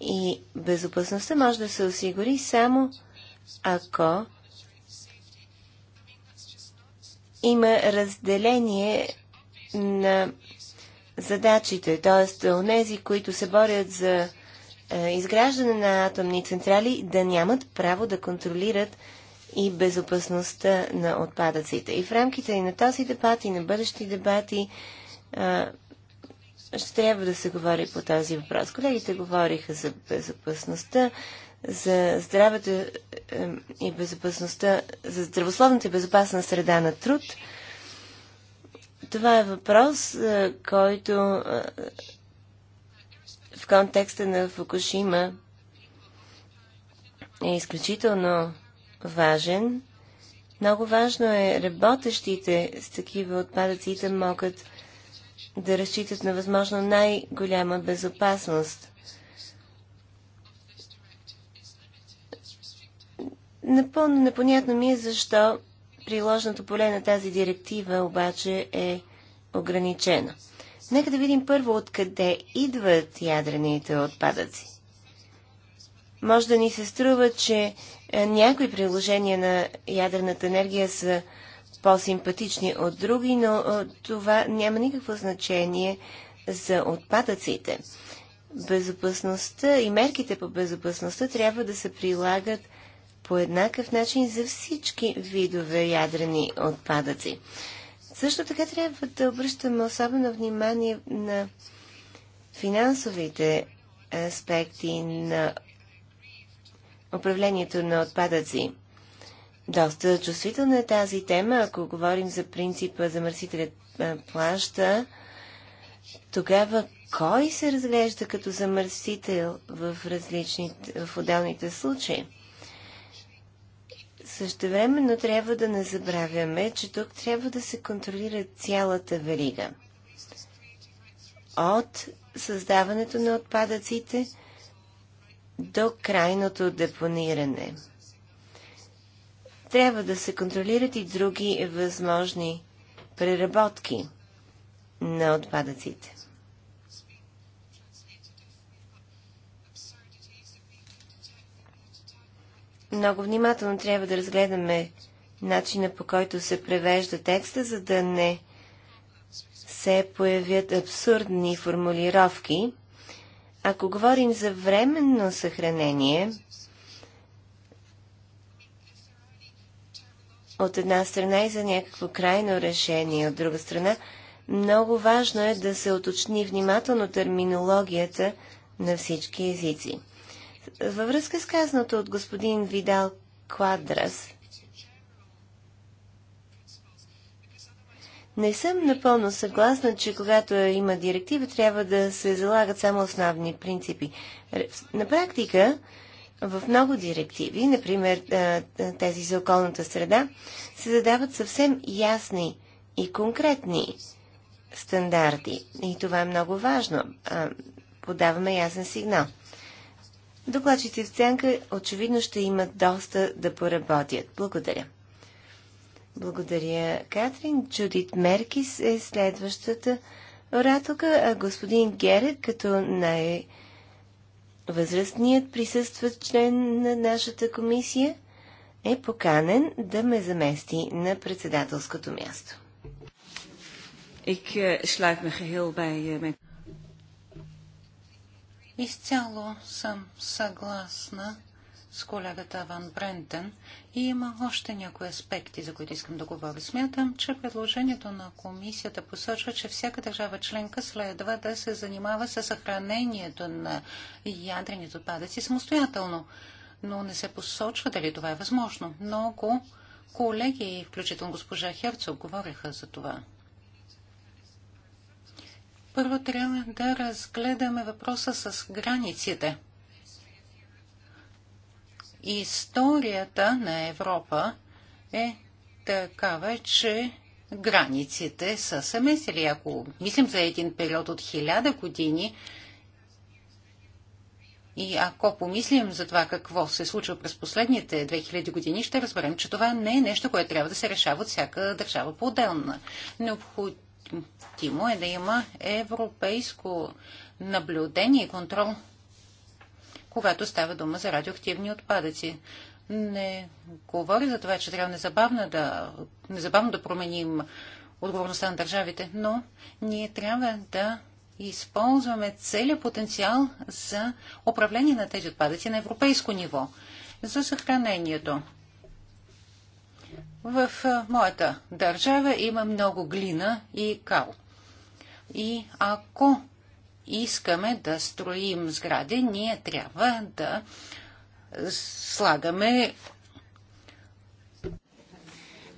и безопасността може да се осигури само ако има разделение на задачите, т.е. онези, които се борят за е, изграждане на атомни централи, да нямат право да контролират и безопасността на отпадъците. И в рамките и на този дебат, и на бъдещи дебати е, ще трябва да се говори по този въпрос. Колегите говориха за безопасността, за здравето и безопасността, за здравословната и безопасна среда на труд. Това е въпрос, е, който е, в контекста на Фукушима е изключително важен. Много важно е работещите с такива отпадъци да могат да разчитат на възможно най-голяма безопасност. Напълно непонятно ми е защо приложното поле на тази директива обаче е ограничено. Нека да видим първо откъде идват ядрените отпадъци. Може да ни се струва, че е, някои приложения на ядрената енергия са по-симпатични от други, но е, това няма никакво значение за отпадъците. Безопасността и мерките по безопасността трябва да се прилагат по еднакъв начин за всички видове ядрени отпадъци. Също така трябва да обръщаме особено внимание на финансовите аспекти на управлението на отпадъци. Доста чувствителна е тази тема, ако говорим за принципа замърсителят плаща, тогава кой се разглежда като замърсител в различните, в отделните случаи? Също време, но трябва да не забравяме, че тук трябва да се контролира цялата верига. От създаването на отпадъците до крайното депониране. Трябва да се контролират и други възможни преработки на отпадъците. много внимателно трябва да разгледаме начина по който се превежда текста, за да не се появят абсурдни формулировки. Ако говорим за временно съхранение, от една страна и за някакво крайно решение, от друга страна, много важно е да се уточни внимателно терминологията на всички езици. Във връзка с казаното от господин Видал Квадрас, не съм напълно съгласна, че когато има директива, трябва да се залагат само основни принципи. На практика, в много директиви, например тези за околната среда, се задават съвсем ясни и конкретни стандарти. И това е много важно. Подаваме ясен сигнал. Докладчите в сянка очевидно ще имат доста да поработят. Благодаря. Благодаря, Катрин. Джудит Меркис е следващата ораторка, а господин Герек като най- Възрастният присъстват член на нашата комисия е поканен да ме замести на председателското място. Ik eh, sluit me geheel bij eh, mijn Изцяло съм съгласна с колегата Ван Брентен и има още някои аспекти, за които искам да говоря. Смятам, че предложението на комисията посочва, че всяка държава членка следва да се занимава с съхранението на ядрените отпадъци самостоятелно, но не се посочва дали това е възможно. Много колеги, включително госпожа Херцог, говориха за това. Първо трябва да разгледаме въпроса с границите. Историята на Европа е такава, че границите са се Ако мислим за един период от хиляда години, и ако помислим за това какво се случва през последните 2000 години, ще разберем, че това не е нещо, което трябва да се решава от всяка държава по-отделна. Необходимо необходимо е да има европейско наблюдение и контрол, когато става дума за радиоактивни отпадъци. Не говори за това, че трябва незабавно да, незабавно да променим отговорността на държавите, но ние трябва да използваме целият потенциал за управление на тези отпадъци на европейско ниво, за съхранението. В моята държава има много глина и кал. И ако искаме да строим сгради, ние трябва да слагаме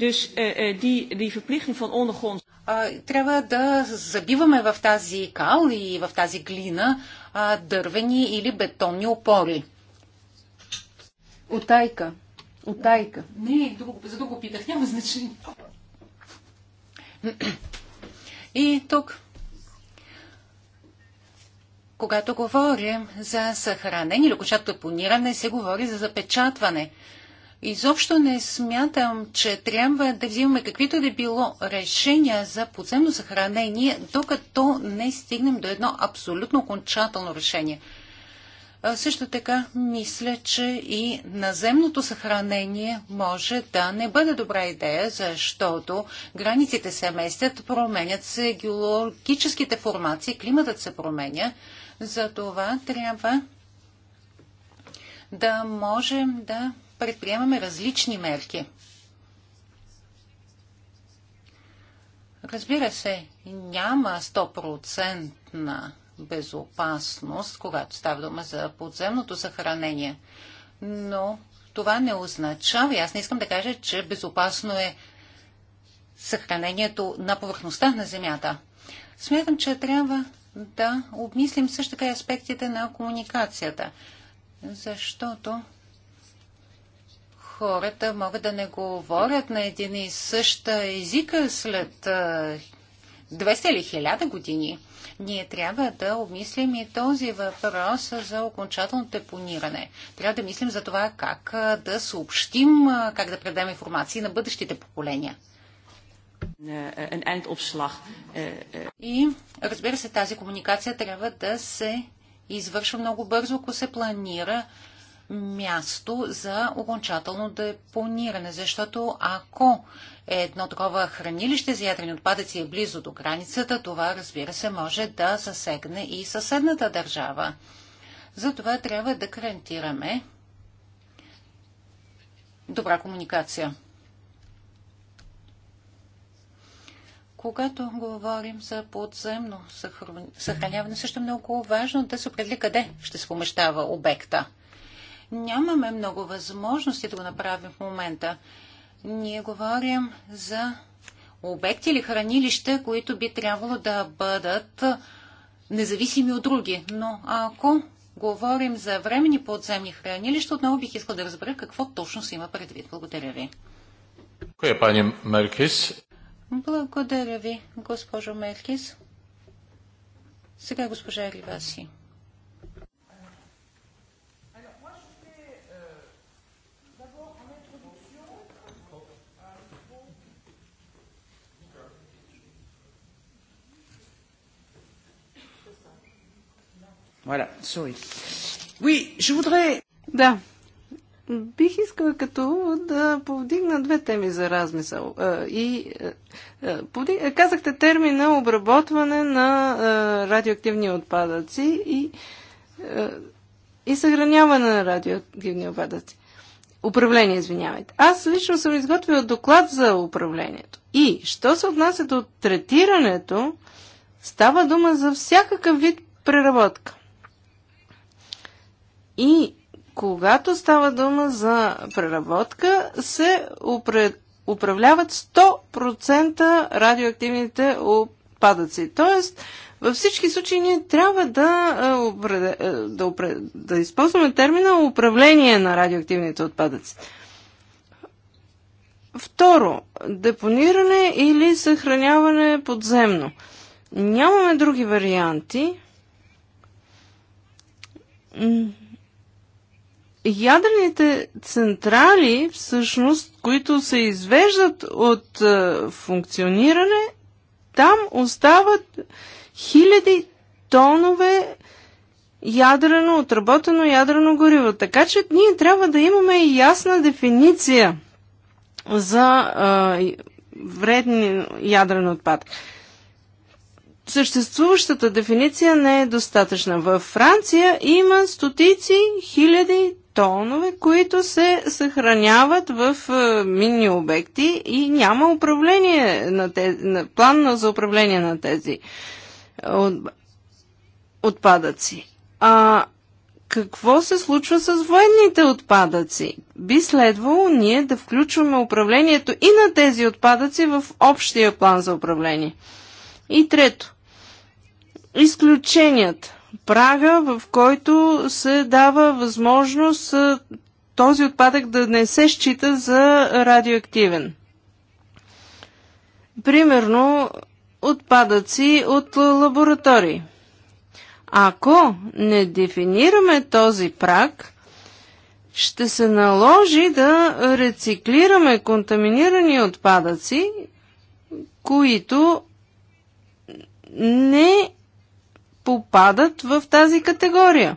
Dus uh, uh, die, die van Uh, трябва да забиваме в тази кал и в тази глина uh, дървени или бетонни опори. Утайка. От Тайка. Не, друго, за друго питах. Няма значение. И тук, когато говорим за съхранение или когато планиране, се говори за запечатване. Изобщо не смятам, че трябва да взимаме каквито да било решения за подземно съхранение, докато не стигнем до едно абсолютно окончателно решение – също така мисля, че и наземното съхранение може да не бъде добра идея, защото границите се местят, променят се геологическите формации, климатът се променя. За това трябва да можем да предприемаме различни мерки. Разбира се, няма 100% безопасност, когато става дума за подземното съхранение. Но това не означава, и аз не искам да кажа, че безопасно е съхранението на повърхността на Земята. Смятам, че трябва да обмислим също така и аспектите на комуникацията, защото хората могат да не говорят на един и съща езика след 200 или 1000 години. Ние трябва да обмислим и този въпрос за окончателно депониране. Трябва да мислим за това как да съобщим, как да предадем информации на бъдещите поколения. И разбира се, тази комуникация трябва да се извършва много бързо, ако се планира място за окончателно депониране, защото ако е едно такова хранилище за ядрени отпадъци е близо до границата, това разбира се може да засегне и съседната държава. Затова трябва да гарантираме добра комуникация. Когато говорим за подземно съхраняване, също е много важно да се определи къде ще се помещава обекта. Нямаме много възможности да го направим в момента. Ние говорим за обекти или хранилища, които би трябвало да бъдат независими от други. Но ако говорим за времени подземни хранилища, отново бих искал да разбера какво точно се има предвид. Благодаря ви. Кое пани Меркис? Благодаря ви, госпожо Меркис. Сега госпожа Риваси. Voilà, sorry. Oui, je voudrais... Да. Бих искала като да повдигна две теми за размисъл. Е, и, е, е, повдиг... Казахте термина обработване на радиоактивни отпадъци и, и съхраняване на радиоактивни отпадъци. Управление, извинявайте. Аз лично съм изготвила доклад за управлението. И, що се отнася до третирането, става дума за всякакъв вид преработка – и когато става дума за преработка, се управляват 100% радиоактивните отпадъци. Тоест, във всички случаи ние трябва да, е, е, да, да използваме термина управление на радиоактивните отпадъци. Второ, депониране или съхраняване подземно. Нямаме други варианти ядрените централи, всъщност, които се извеждат от а, е, функциониране, там остават хиляди тонове ядрено, отработено ядрено гориво. Така че ние трябва да имаме ясна дефиниция за а, е, вредни ядрен отпад. Съществуващата дефиниция не е достатъчна. В Франция има стотици хиляди тонове, които се съхраняват в е, минни обекти и няма управление на тези, на, план за управление на тези е, отпадъци. А какво се случва с военните отпадъци? Би следвало ние да включваме управлението и на тези отпадъци в общия план за управление. И трето, изключенията прага, в който се дава възможност този отпадък да не се счита за радиоактивен. Примерно отпадъци от лаборатории. Ако не дефинираме този праг, ще се наложи да рециклираме контаминирани отпадъци, които не попадат в тази категория.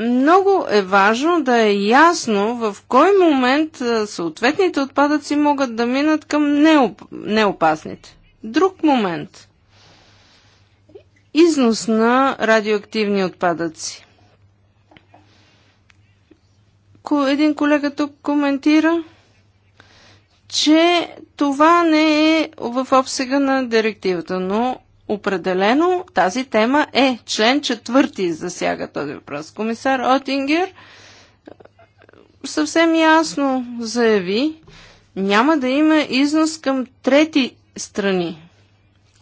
Много е важно да е ясно в кой момент съответните отпадъци могат да минат към неоп... неопасните. Друг момент. Износ на радиоактивни отпадъци. Един колега тук коментира, че това не е в обсега на директивата, но определено тази тема е член четвърти засяга този въпрос. Комисар Отингер е, съвсем ясно заяви, няма да има износ към трети страни,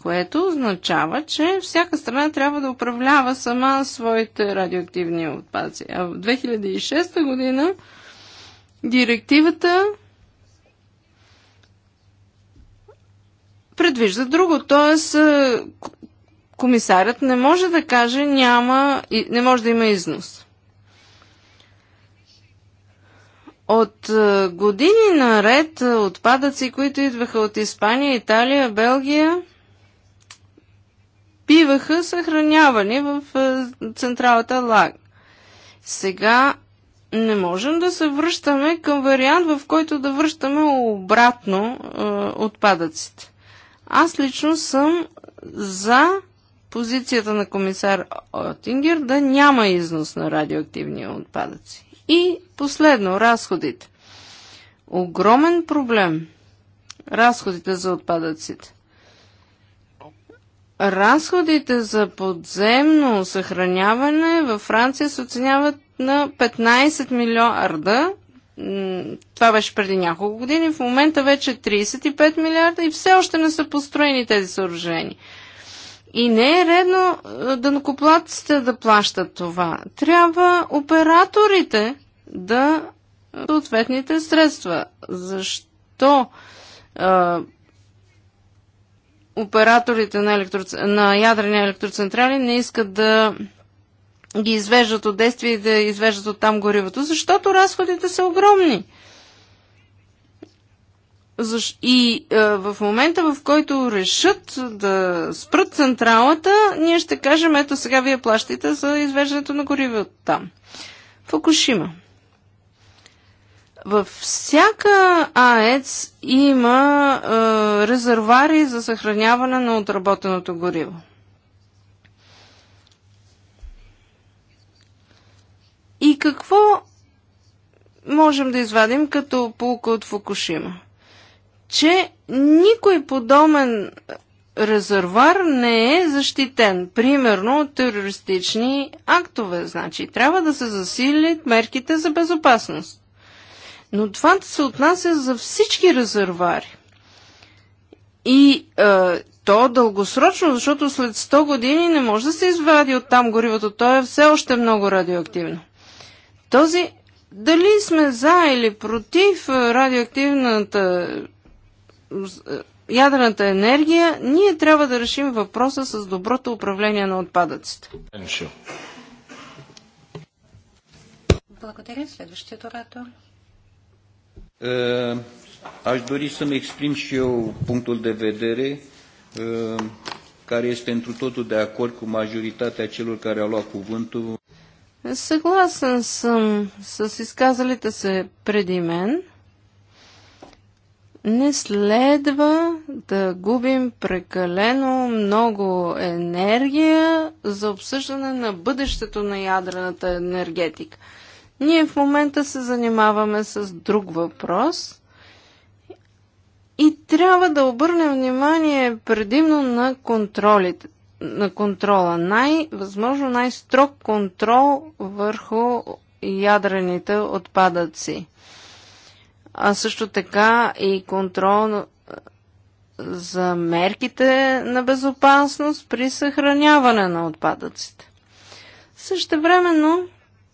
което означава, че всяка страна трябва да управлява сама своите радиоактивни отпадъци. А в 2006 година директивата предвижда друго. Тоест, е, комисарят не може да каже няма, не може да има износ. От е, години наред е, отпадъци, които идваха от Испания, Италия, Белгия, биваха съхранявани в централата Лаг. Сега не можем да се връщаме към вариант, в който да връщаме обратно отпадъците. Аз лично съм за позицията на комисар Отингер да няма износ на радиоактивни отпадъци. И последно, разходите. Огромен проблем. Разходите за отпадъците. Разходите за подземно съхраняване във Франция се оценяват на 15 милиарда това беше преди няколко години, в момента вече 35 е милиарда и все още не са построени тези съоръжения. И не е редно да накоплатците да плащат това. Трябва операторите да съответните средства. Защо а, операторите на, електро... на ядрени електроцентрали не искат да ги извеждат от действие и да извеждат от там горивото, защото разходите са огромни. И е, в момента, в който решат да спрат централата, ние ще кажем, ето сега вие плащате за извеждането на гориви от там. Фукушима. Във всяка АЕЦ има е, резервари за съхраняване на отработеното гориво. И какво можем да извадим като полука от Фукушима? Че никой подобен резервуар не е защитен, примерно от терористични актове. Значи трябва да се засилят мерките за безопасност. Но това се отнася за всички резервуари. И е, то дългосрочно, защото след 100 години не може да се извади от там горивото. То е все още много радиоактивно. Този дали сме за или против е, радиоактивната е, ядрената енергия, ние трябва да решим въпроса с доброто управление на отпадъците. Благодаря. Следващият оратор. Aș dori să-mi exprim și eu punctul de vedere е, care este întru totul de acord cu majoritatea celor care au luat cuvântul. Съгласен съм с изказалите се преди мен. Не следва да губим прекалено много енергия за обсъждане на бъдещето на ядрената енергетика. Ние в момента се занимаваме с друг въпрос и трябва да обърнем внимание предимно на контролите на контрола. Най, възможно най-строг контрол върху ядрените отпадъци. А също така и контрол е, за мерките на безопасност при съхраняване на отпадъците. времено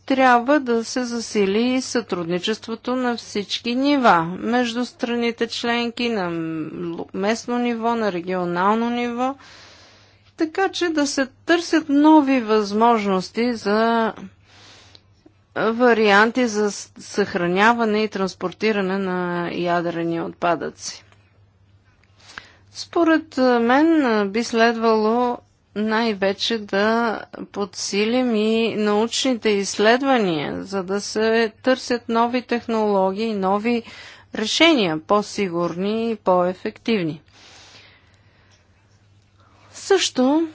трябва да се засили сътрудничеството на всички нива, между страните членки, на местно ниво, на регионално ниво – така че да се търсят нови възможности за варианти за съхраняване и транспортиране на ядрени отпадъци. Според мен би следвало най-вече да подсилим и научните изследвания, за да се търсят нови технологии, нови решения, по-сигурни и по-ефективни. Също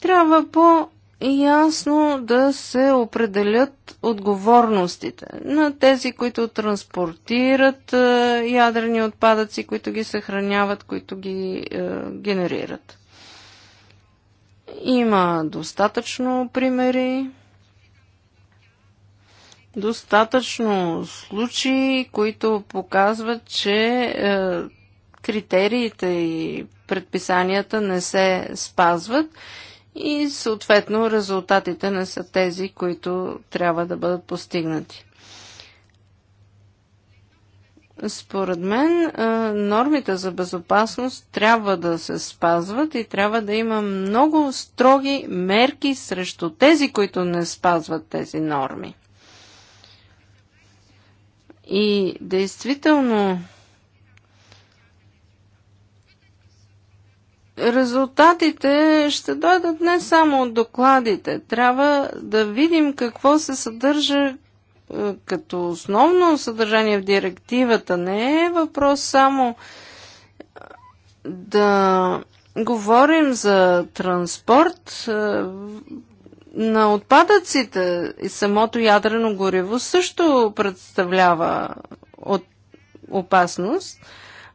трябва по-ясно да се определят отговорностите на тези, които транспортират е, ядрени отпадъци, които ги съхраняват, които ги е, генерират. Има достатъчно примери, достатъчно случаи, които показват, че е, критериите и предписанията не се спазват и съответно резултатите не са тези, които трябва да бъдат постигнати. Според мен нормите за безопасност трябва да се спазват и трябва да има много строги мерки срещу тези, които не спазват тези норми. И действително Резултатите ще дойдат не само от докладите. Трябва да видим какво се съдържа е, като основно съдържание в директивата. Не е въпрос само е, да говорим за транспорт е, на отпадъците и самото ядрено гориво също представлява опасност.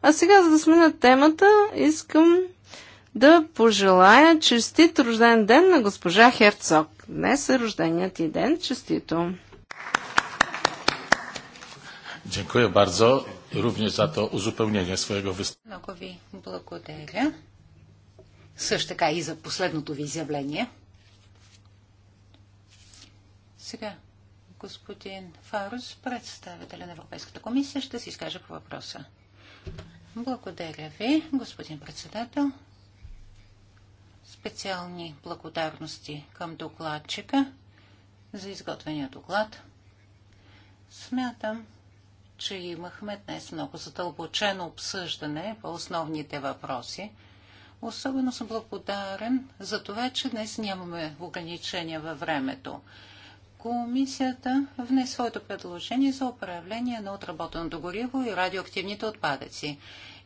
А сега, за да сме на темата, искам да пожелая честит рожден ден на госпожа Херцог. Днес е рожденият ти ден. Честито! Дякую bardzo również za to uzupełnienie swojego wystąpienia. Много ви благодаря. Също така и за последното ви изявление. Сега господин Фарус, представителя на Европейската комисия, ще си изкаже по въпроса. Благодаря ви, господин председател специални благодарности към докладчика за изготвения доклад. Смятам, че имахме днес много задълбочено обсъждане по основните въпроси. Особено съм благодарен за това, че днес нямаме ограничения във времето. Комисията вне своето предложение за управление на отработеното гориво и радиоактивните отпадъци.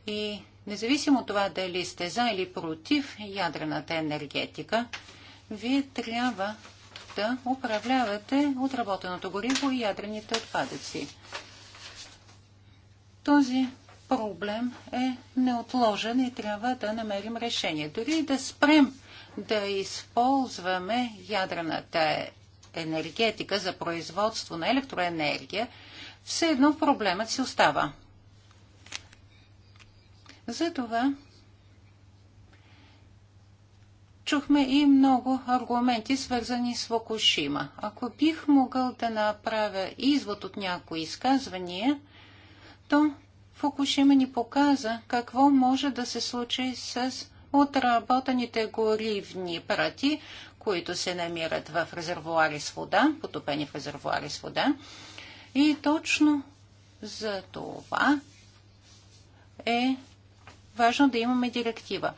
И Независимо от това дали сте за или против ядрената енергетика, вие трябва да управлявате отработеното гориво и ядрените отпадъци. Този проблем е неотложен и трябва да намерим решение. Дори да спрем да използваме ядрената енергетика за производство на електроенергия, все едно проблемът си остава. Затова чухме и много аргументи, свързани с Вакушима. Ако бих могъл да направя извод от някои изказвания, то Фукушима ни показа какво може да се случи с отработените горивни прати, които се намират в резервуари с вода, потопени в резервуари с вода. И точно за това е важно да имаме директива.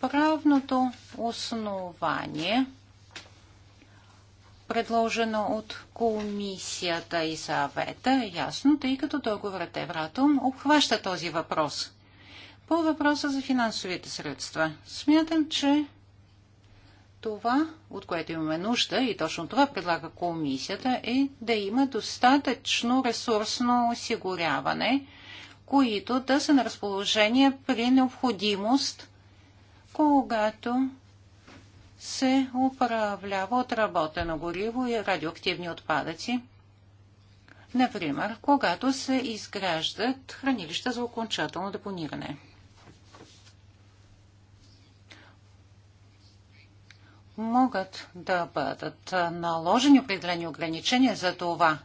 Правното основание, предложено от комисията и съвета, е ясно, тъй като договорът Евратом обхваща този въпрос. По въпроса за финансовите средства, смятам, че това, от което имаме нужда, и точно това предлага комисията, е да има достатъчно ресурсно осигуряване – които да са на разположение при необходимост, когато се управлява отработено гориво и радиоактивни отпадъци. Например, когато се изграждат хранилища за окончателно депониране. Могат да бъдат наложени определени ограничения за това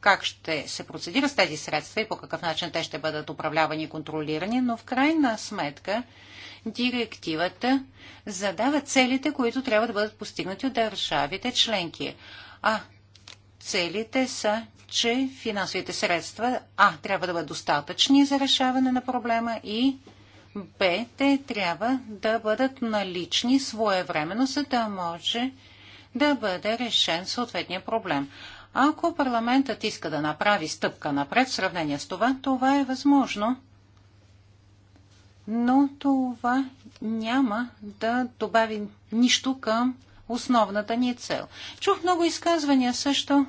как ще се процедира с тези средства и по какъв начин те ще бъдат управлявани и контролирани, но в крайна сметка директивата задава целите, които трябва да бъдат постигнати от държавите членки. А целите са, че финансовите средства А трябва да бъдат достатъчни за решаване на проблема и Б, те трябва да бъдат налични своевременно, за да може да бъде решен съответния проблем. Ако парламентът иска да направи стъпка напред в сравнение с това, това е възможно. Но това няма да добави нищо към основната ни цел. Чух много изказвания също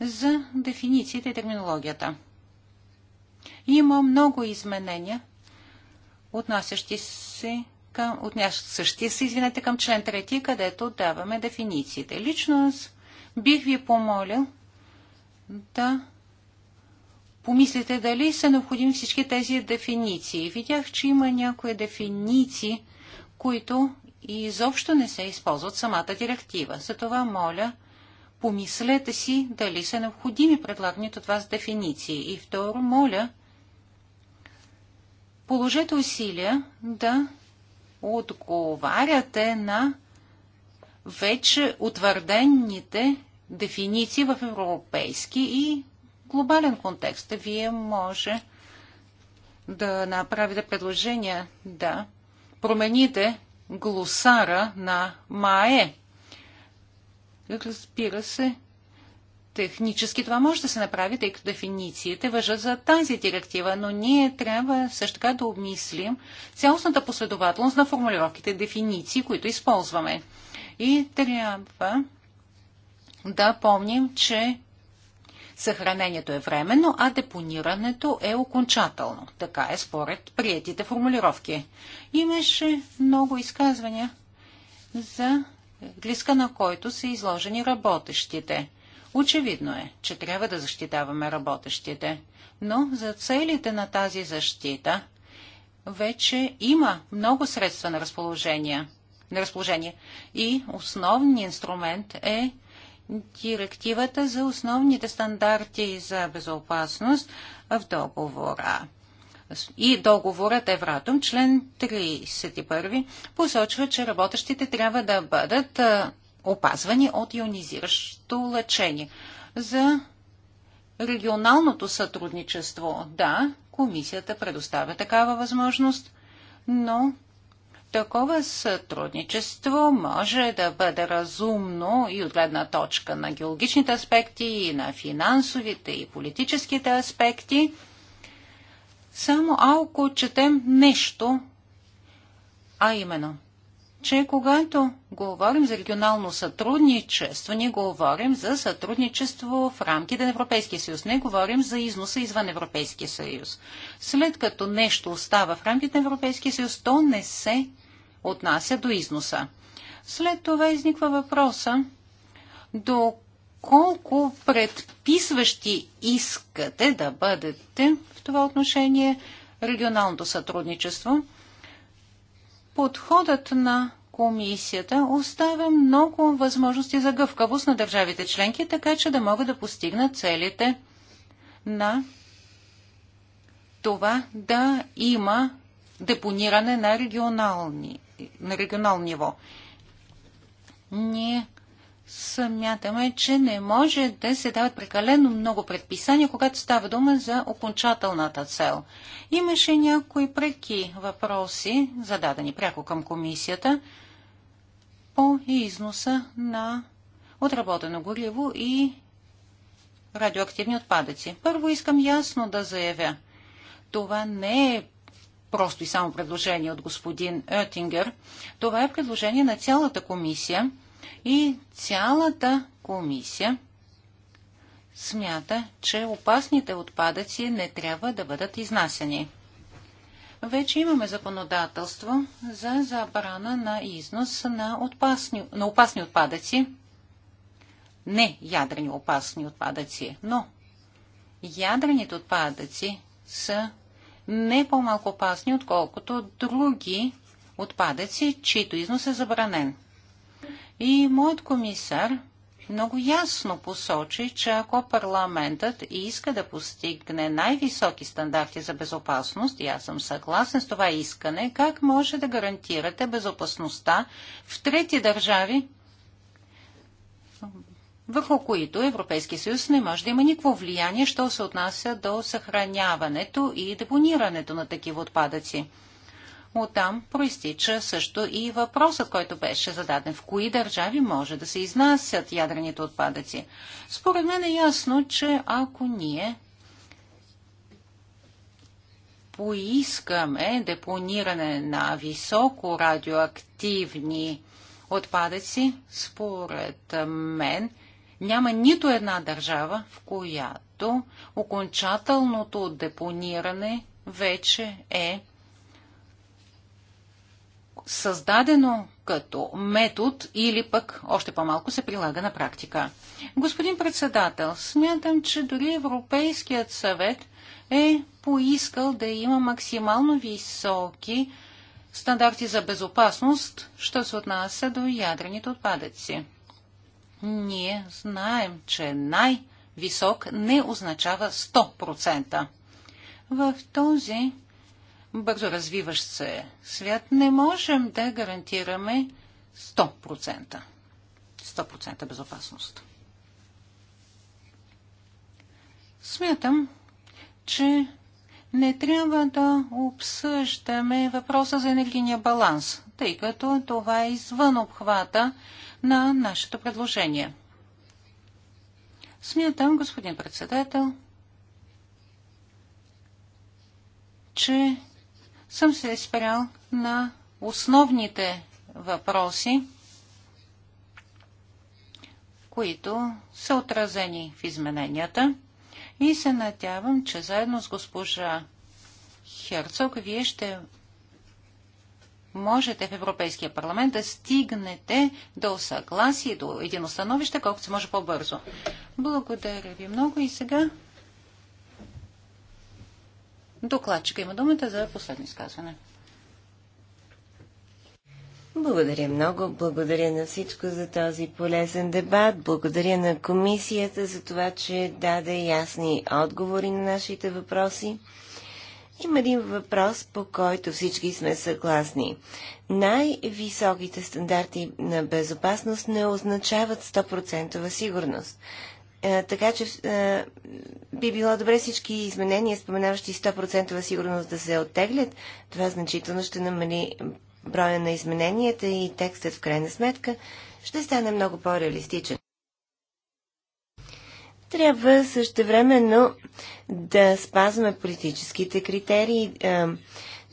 за дефинициите и терминологията. Има много изменения, отнасящи се към, отнасящи се, извинете, към член 3, където даваме дефинициите. Лично аз бих ви помолил да помислите дали са необходими всички тези дефиниции. Видях, че има някои дефиниции, които изобщо не се използват самата директива. Затова моля, помислете си дали са необходими предлаганите от вас дефиниции. И второ, моля, положете усилия да отговаряте на вече утвърдените дефиниции в европейски и глобален контекст. Вие може да направите предложение да промените глосара на МАЕ. Разбира се, технически това може да се направи, тъй като дефинициите въжат за тази директива, но ние трябва също така да обмислим цялостната последователност на формулировките, дефиниции, които използваме. И трябва да помним, че съхранението е временно, а депонирането е окончателно. Така е според приятите формулировки. Имаше много изказвания за риска, на който са изложени работещите. Очевидно е, че трябва да защитаваме работещите, но за целите на тази защита вече има много средства на разположение. На разположение. И основният инструмент е директивата за основните стандарти за безопасност в договора. И договорът Евратом, член 31, посочва, че работещите трябва да бъдат опазвани от ионизиращо лъчение. За регионалното сътрудничество, да, комисията предоставя такава възможност, но Такова сътрудничество може да бъде разумно и от гледна точка на геологичните аспекти, и на финансовите, и политическите аспекти. Само ако четем нещо, а именно, че когато говорим за регионално сътрудничество, ние говорим за сътрудничество в рамките на Европейския съюз, не говорим за износа извън Европейския съюз. След като нещо остава в рамките на Европейския съюз, то не се отнася до износа. След това изниква въпроса до колко предписващи искате да бъдете в това отношение регионалното сътрудничество. Подходът на комисията оставя много възможности за гъвкавост на държавите членки, така че да могат да постигнат целите на това да има депониране на регионални на регионално ниво. Ние смятаме, че не може да се дават прекалено много предписания, когато става дума за окончателната цел. Имаше някои преки въпроси, зададени пряко към комисията, по износа на отработено гориво и радиоактивни отпадъци. Първо искам ясно да заявя, това не е просто и само предложение от господин Оттингер. Това е предложение на цялата комисия и цялата комисия смята, че опасните отпадъци не трябва да бъдат изнасяни. Вече имаме законодателство за забрана на износ на, отпасни, на опасни отпадъци, не ядрени опасни отпадъци, но ядрените отпадъци са не по-малко опасни, отколкото други отпадъци, чието износ е забранен. И моят комисар много ясно посочи, че ако парламентът иска да постигне най-високи стандарти за безопасност, и аз съм съгласен с това искане, как може да гарантирате безопасността в трети държави, върху които Европейски съюз не може да има никакво влияние, що се отнася до съхраняването и депонирането на такива отпадъци. Оттам проистича също и въпросът, който беше зададен. В кои държави може да се изнасят ядрените отпадъци? Според мен е ясно, че ако ние поискаме депониране на високо радиоактивни отпадъци, според мен няма нито една държава, в която окончателното депониране вече е създадено като метод или пък още по-малко се прилага на практика. Господин председател, смятам, че дори Европейският съвет е поискал да има максимално високи стандарти за безопасност, що се отнася до ядрените отпадъци. Ние знаем, че най-висок не означава 100%. В този бързо развиващ се свят не можем да гарантираме 100%. 100% безопасност. Смятам, че не трябва да обсъждаме въпроса за енергийния баланс, тъй като това е извън обхвата на нашето предложение. Смятам, господин председател, че съм се спрял на основните въпроси, които са отразени в измененията и се надявам, че заедно с госпожа Херцог вие ще можете в Европейския парламент да стигнете до съгласие, до един становище, колкото се може по-бързо. Благодаря ви много и сега докладчика има думата за последно изказване. Благодаря много. Благодаря на всичко за този полезен дебат. Благодаря на комисията за това, че даде ясни отговори на нашите въпроси. Има един въпрос, по който всички сме съгласни. Най-високите стандарти на безопасност не означават 100% сигурност. Е, така че е, би било добре всички изменения, споменаващи 100% сигурност да се оттеглят. Това значително ще намали броя на измененията и текстът в крайна сметка ще стане много по-реалистичен. Трябва също времено да спазваме политическите критерии,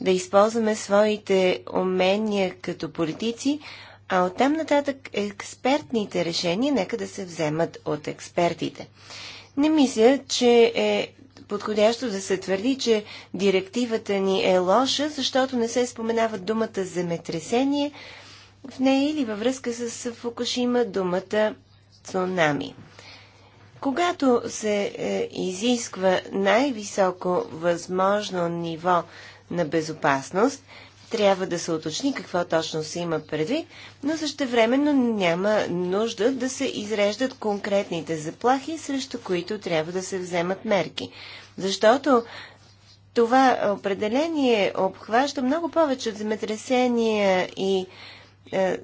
да използваме своите умения като политици, а оттам нататък експертните решения нека да се вземат от експертите. Не мисля, че е подходящо да се твърди, че директивата ни е лоша, защото не се споменава думата земетресение в нея или във връзка с Фукушима думата цунами. Когато се е, изисква най-високо възможно ниво на безопасност, трябва да се уточни какво точно се има предвид, но същевременно няма нужда да се изреждат конкретните заплахи, срещу които трябва да се вземат мерки. Защото това определение обхваща много повече от земетресения и е,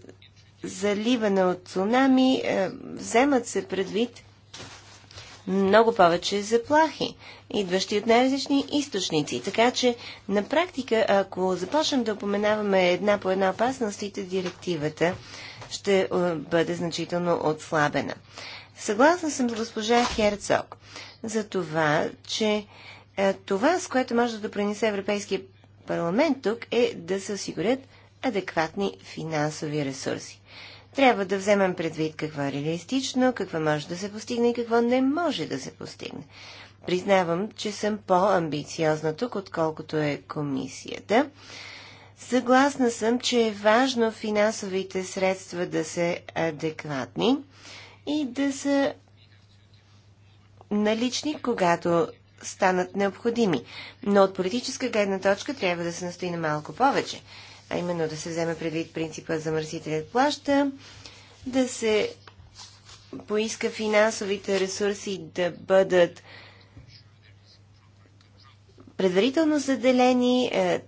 заливане от цунами. Е, вземат се предвид много повече заплахи, идващи от най-различни източници. Така че, на практика, ако започнем да упоменаваме една по една опасностите, директивата ще е, бъде значително отслабена. Съгласна съм с госпожа Херцог за това, че е, това, с което може да принесе Европейския парламент тук, е да се осигурят адекватни финансови ресурси трябва да вземем предвид какво е реалистично, какво може да се постигне и какво не може да се постигне. Признавам, че съм по-амбициозна тук, отколкото е комисията. Съгласна съм, че е важно финансовите средства да са адекватни и да са налични, когато станат необходими. Но от политическа гледна точка трябва да се настои на малко повече а именно да се вземе предвид принципа замърсителят плаща, да се поиска финансовите ресурси да бъдат предварително заделени е,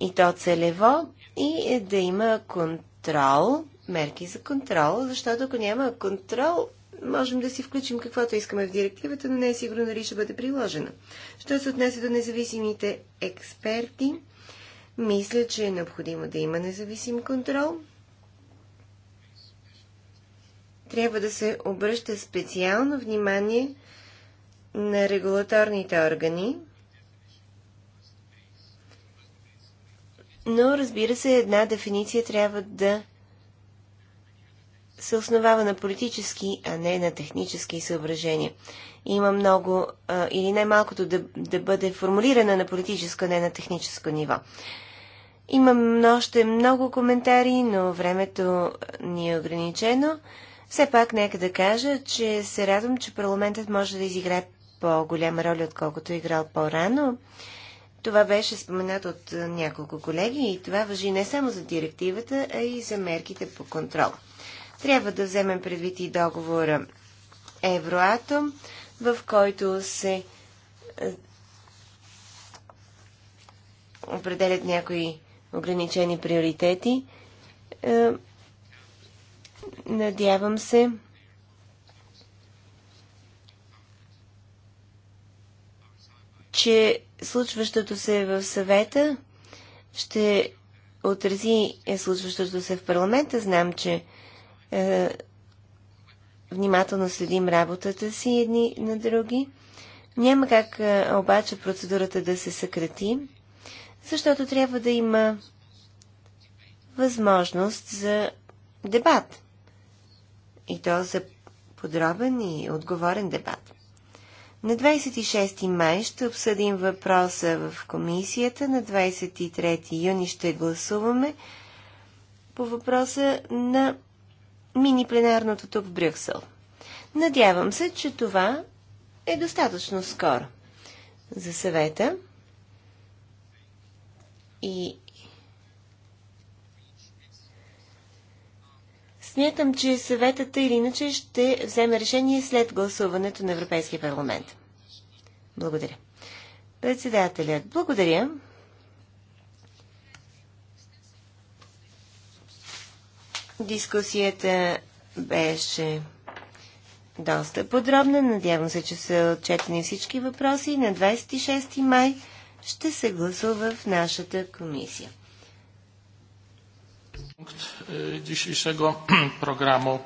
и то целево и да има контрол, мерки за контрол, защото ако няма контрол, можем да си включим каквото искаме в директивата, но не е сигурно дали ще бъде приложена. Що се отнесе до независимите експерти, мисля, че е необходимо да има независим контрол. Трябва да се обръща специално внимание на регулаторните органи, но разбира се, една дефиниция трябва да се основава на политически, а не на технически съображения. Има много, а, или най-малкото да, да бъде формулирана на политическо, а не на техническо ниво. Имам още много коментари, но времето ни е ограничено. Все пак нека да кажа, че се радвам, че парламентът може да изиграе по-голяма роля, отколкото е играл по-рано. Това беше споменато от няколко колеги и това въжи не само за директивата, а и за мерките по контрол. Трябва да вземем предвид и договора Евроатом, в който се е, определят някои ограничени приоритети. Е, надявам се, че случващото се в съвета ще отрази е случващото се в парламента. Знам, че е, внимателно следим работата си едни на други. Няма как е, обаче процедурата да се съкрати защото трябва да има възможност за дебат. И то за подробен и отговорен дебат. На 26 май ще обсъдим въпроса в комисията, на 23 юни ще гласуваме по въпроса на мини пленарното тук в Брюксел. Надявам се, че това е достатъчно скоро за съвета. И смятам, че съветата или иначе ще вземе решение след гласуването на Европейския парламент. Благодаря. Председателят, благодаря. Дискусията беше доста подробна. Надявам се, че са отчетени всички въпроси. На 26 май ще се гласува в нашата комисия. Е,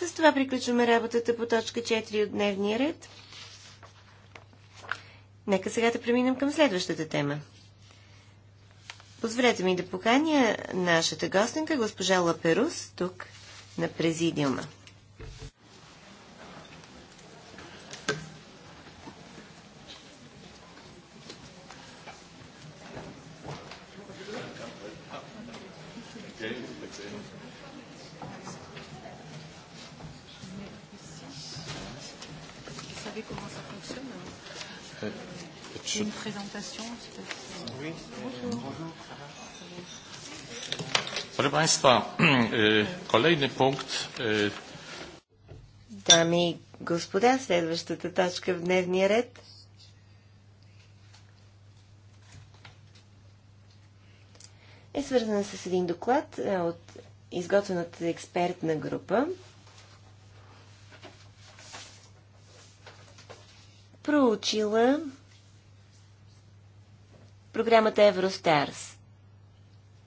С това приключваме работата по точка 4 от дневния ред. Нека сега да преминем към следващата тема. Позволете ми да поканя нашата гостенка, госпожа Лаперус, тук на президиума. Je... Une présentation. Oui. Bonjour. Proszę Państwa, e, kolejny punkt. Dami e, i господа, следващата точка в дневния ред. е свързана с един доклад е, от изготвената експертна група. Проучила Програмата Евростарс.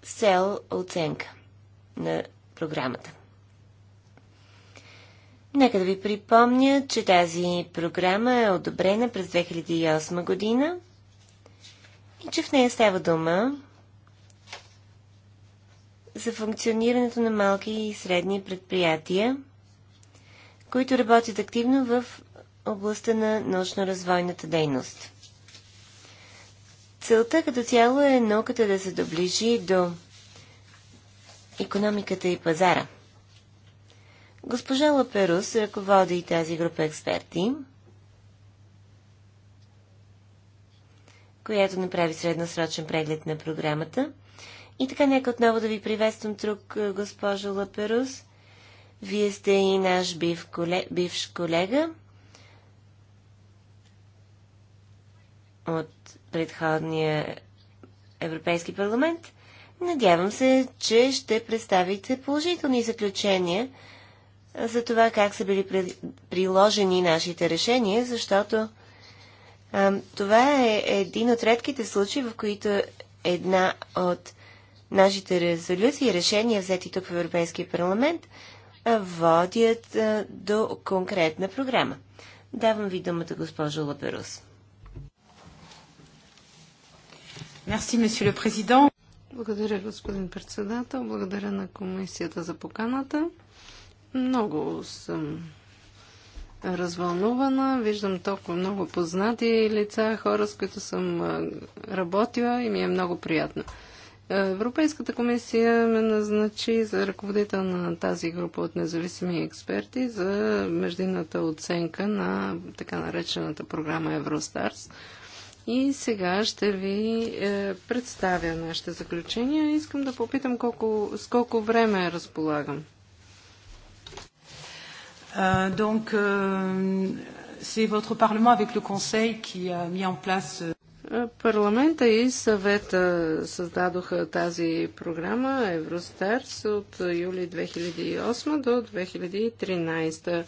Сел оценка на програмата. Нека да ви припомня, че тази програма е одобрена през 2008 година и че в нея става дума за функционирането на малки и средни предприятия, които работят активно в областта на научно-развойната дейност. Целта като цяло е науката да се доближи до економиката и пазара. Госпожа Лаперус ръководи тази група експерти, която направи средносрочен преглед на програмата. И така, нека отново да ви приветствам тук, госпожо Лаперус. Вие сте и наш бив бивш колега. от предходния Европейски парламент. Надявам се, че ще представите положителни заключения за това как са били приложени нашите решения, защото а, това е един от редките случаи, в които една от нашите резолюции и решения, взети тук в Европейския парламент, водят а, до конкретна програма. Давам ви думата, госпожо Лаперус. Благодаря, господин председател. Благодаря на комисията за поканата. Много съм развълнувана. Виждам толкова много познати лица, хора, с които съм работила и ми е много приятно. Европейската комисия ме назначи за ръководител на тази група от независими експерти за междинната оценка на така наречената програма Евростарс. И сега ще ви е, представя нашите заключения. Искам да попитам колко, с колко време разполагам. Е, donc, е, c'est votre Parlement avec le Conseil qui a mis en place euh, е, Парламента и съвета създадоха тази програма Евростарс от юли 2008 до 2013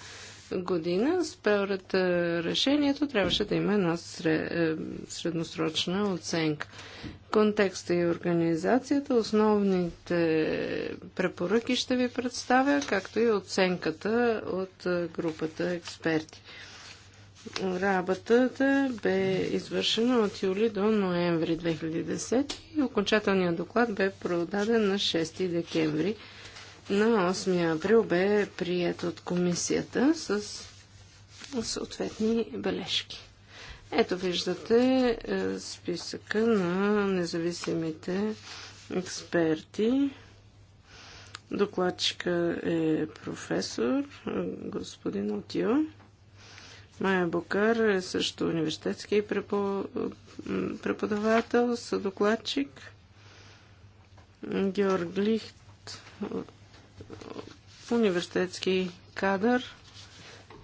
година, според е, решението, трябваше да има една е, средносрочна оценка. Контекста и организацията, основните препоръки ще ви представя, както и оценката от е, групата експерти. Работата бе извършена от юли до ноември 2010 и окончателният доклад бе продаден на 6 декември 2010 на 8 април бе прият от комисията с съответни бележки. Ето виждате е, списъка на независимите експерти. Докладчика е професор е, господин Отио. Майя Бокар е също университетски преподавател, съдокладчик. Георг Лихт от университетски кадър,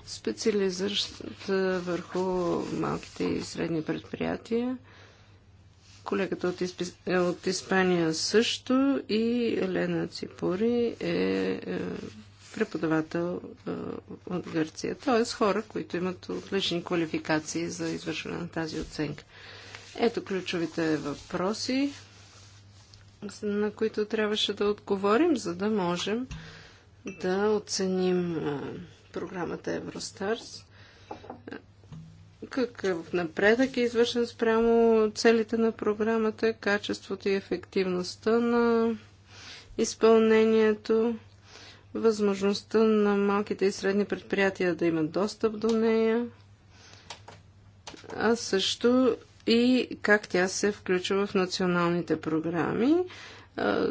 специализиращ върху малките и средни предприятия. Колегата от, Исп... Е, от Испания също и Елена Ципури е, е преподавател е, от Гърция. Т.е. хора, които имат отлични квалификации за извършване на тази оценка. Ето ключовите въпроси на които трябваше да отговорим, за да можем да оценим програмата Евростарс. Какъв напредък е извършен спрямо целите на програмата, качеството и ефективността на изпълнението, възможността на малките и средни предприятия да имат достъп до нея, а също и как тя се включва в националните програми,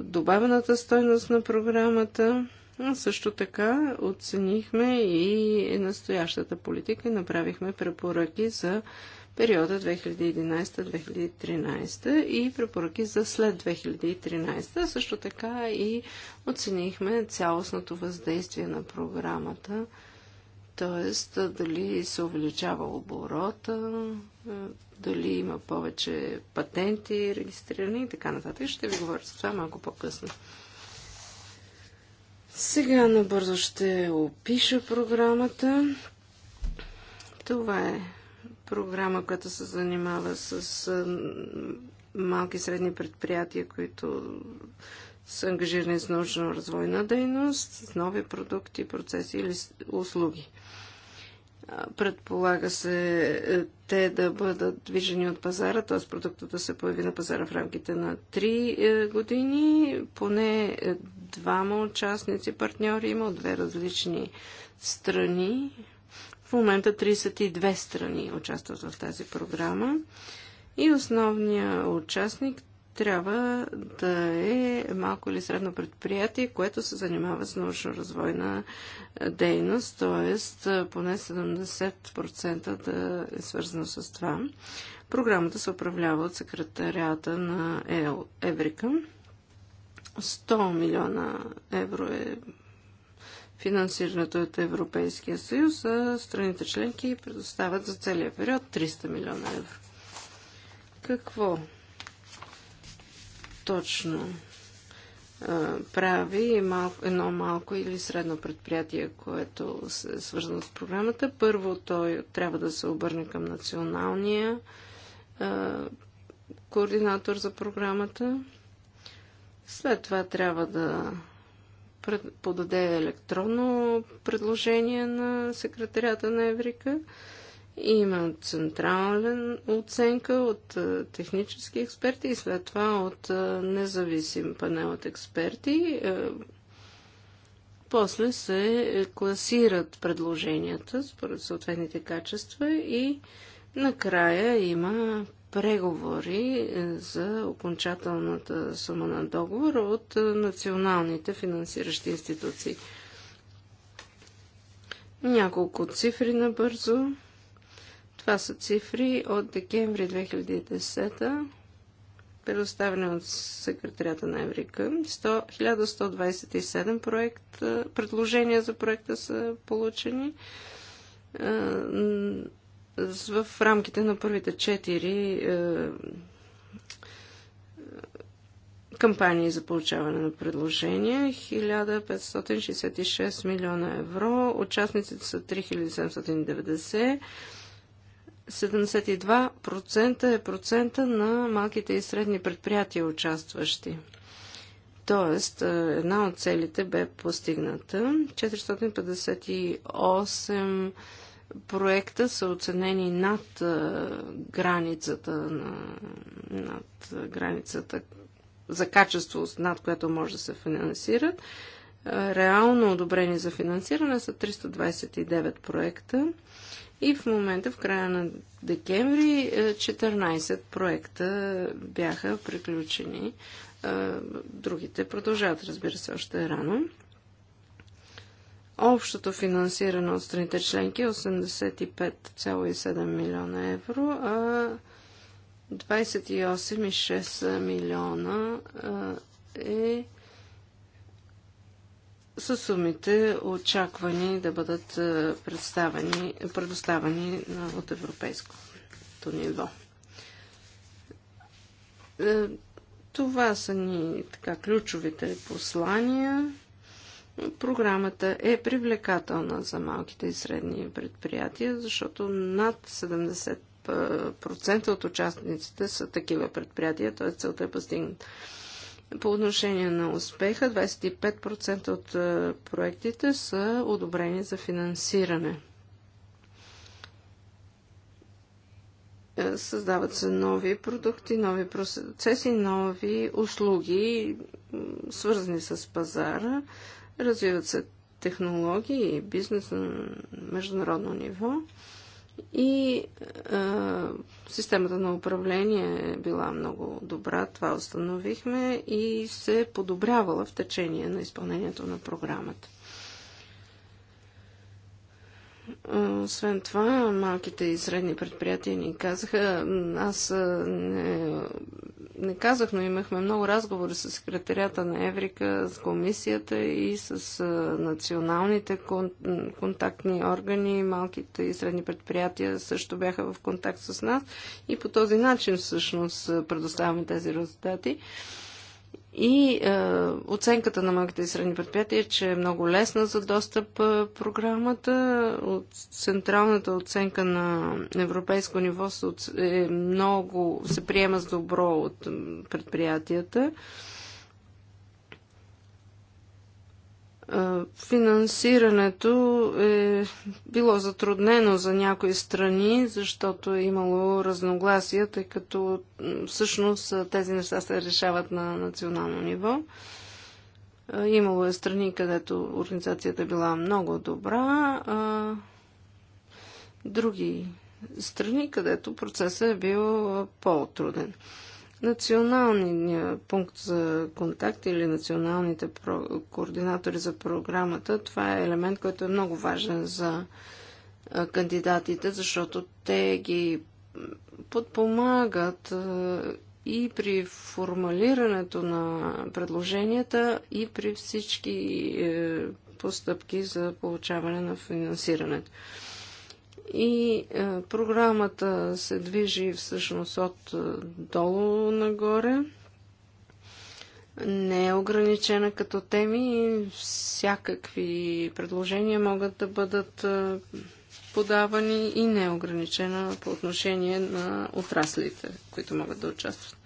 добавената стойност на програмата. Също така оценихме и настоящата политика и направихме препоръки за периода 2011-2013 и препоръки за след 2013. Също така и оценихме цялостното въздействие на програмата – Тоест, дали се увеличава оборота, дали има повече патенти регистрирани и така нататък. Ще ви говоря за това малко по-късно. Сега набързо ще опиша програмата. Това е програма, която се занимава с малки и средни предприятия, които са ангажирани с научно-развойна дейност, с нови продукти, процеси или услуги. Предполага се е, те да бъдат движени от пазара, т.е. продуктът да се появи на пазара в рамките на 3 е, години. Поне е, двама участници, партньори има от две различни страни. В момента 32 страни участват в тази програма. И основният участник трябва да е малко или средно предприятие, което се занимава с научно-развойна е, дейност, т.е. поне 70% да е свързано с това. Програмата се управлява от секретарията на Еврика. 100 милиона евро е финансирането от Европейския съюз, а страните членки предоставят за целия период 300 милиона евро. Какво точно прави малко, едно малко или средно предприятие, което е свързано с програмата. Първо той трябва да се обърне към националния е, координатор за програмата. След това трябва да пред, подаде електронно предложение на секретарята на Еврика. Има централен оценка от технически експерти и след това от независим панел от експерти. После се класират предложенията според съответните качества и накрая има преговори е, за окончателната сума на договор от е, националните финансиращи институции. Няколко цифри набързо. Това са цифри от декември 2010 предоставени от секретарята на Еврика. 100, 1127 проект, предложения за проекта са получени в рамките на първите четири кампании за получаване на предложения. 1566 милиона евро. Участниците са 3790. 72% е процента на малките и средни предприятия участващи. Тоест, е, една от целите бе постигната. 458 проекта са оценени над е, границата, на, над границата за качество, над което може да се финансират. Е, реално одобрени за финансиране са 329 проекта и в момента, в края на декември, 14 е, проекта бяха приключени. Е, другите продължават, разбира се, още е рано. Общото финансиране от страните членки е 85,7 милиона евро, а 28,6 милиона е с сумите очаквани да бъдат е, представени, предоставени от европейското ниво. Е, това са ни така ключовите послания. Програмата е привлекателна за малките и средни предприятия, защото над 70% е, от участниците са такива предприятия, т.е. целта е постигната. По отношение на успеха, 25% от е, проектите са одобрени за финансиране. Е, създават се нови продукти, нови процеси, нови услуги, свързани с пазара. Развиват се технологии и бизнес на международно ниво. И а, системата на управление е била много добра, това установихме и се е подобрявала в течение на изпълнението на програмата. Освен това, малките и средни предприятия ни казаха, аз не не казах, но имахме много разговори с секретарята на Еврика, с комисията и с националните кон, контактни органи, малките и средни предприятия също бяха в контакт с нас и по този начин всъщност предоставяме тези резултати. И е, оценката на малките и средни предприятия е, че е много лесна за достъп е, програмата. От централната оценка на европейско ниво се, е много, се приема с добро от предприятията. Е, Финансирането е било затруднено за някои страни, защото е имало разногласия, тъй като всъщност тези неща се решават на национално ниво. Имало е страни, където организацията е била много добра, а други страни, където процесът е бил по-труден националния пункт за контакт или националните координатори за програмата, това е елемент, който е много важен за кандидатите, защото те ги подпомагат и при формалирането на предложенията, и при всички е, постъпки за получаване на финансирането. И а, е, програмата се движи всъщност от е, долу нагоре. Не е ограничена като теми и всякакви предложения могат да бъдат а, е, подавани и не е ограничена по отношение на отраслите, които могат да участват.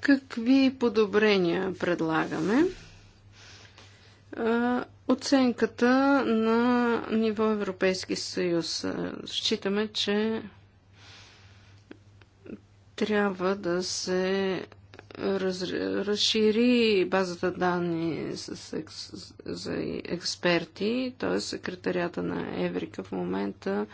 Какви подобрения предлагаме? Оценката на ниво Европейски съюз. Е, считаме, че трябва да се раз, разшири базата данни с, екс, за експерти, т.е. секретарията на Еврика в момента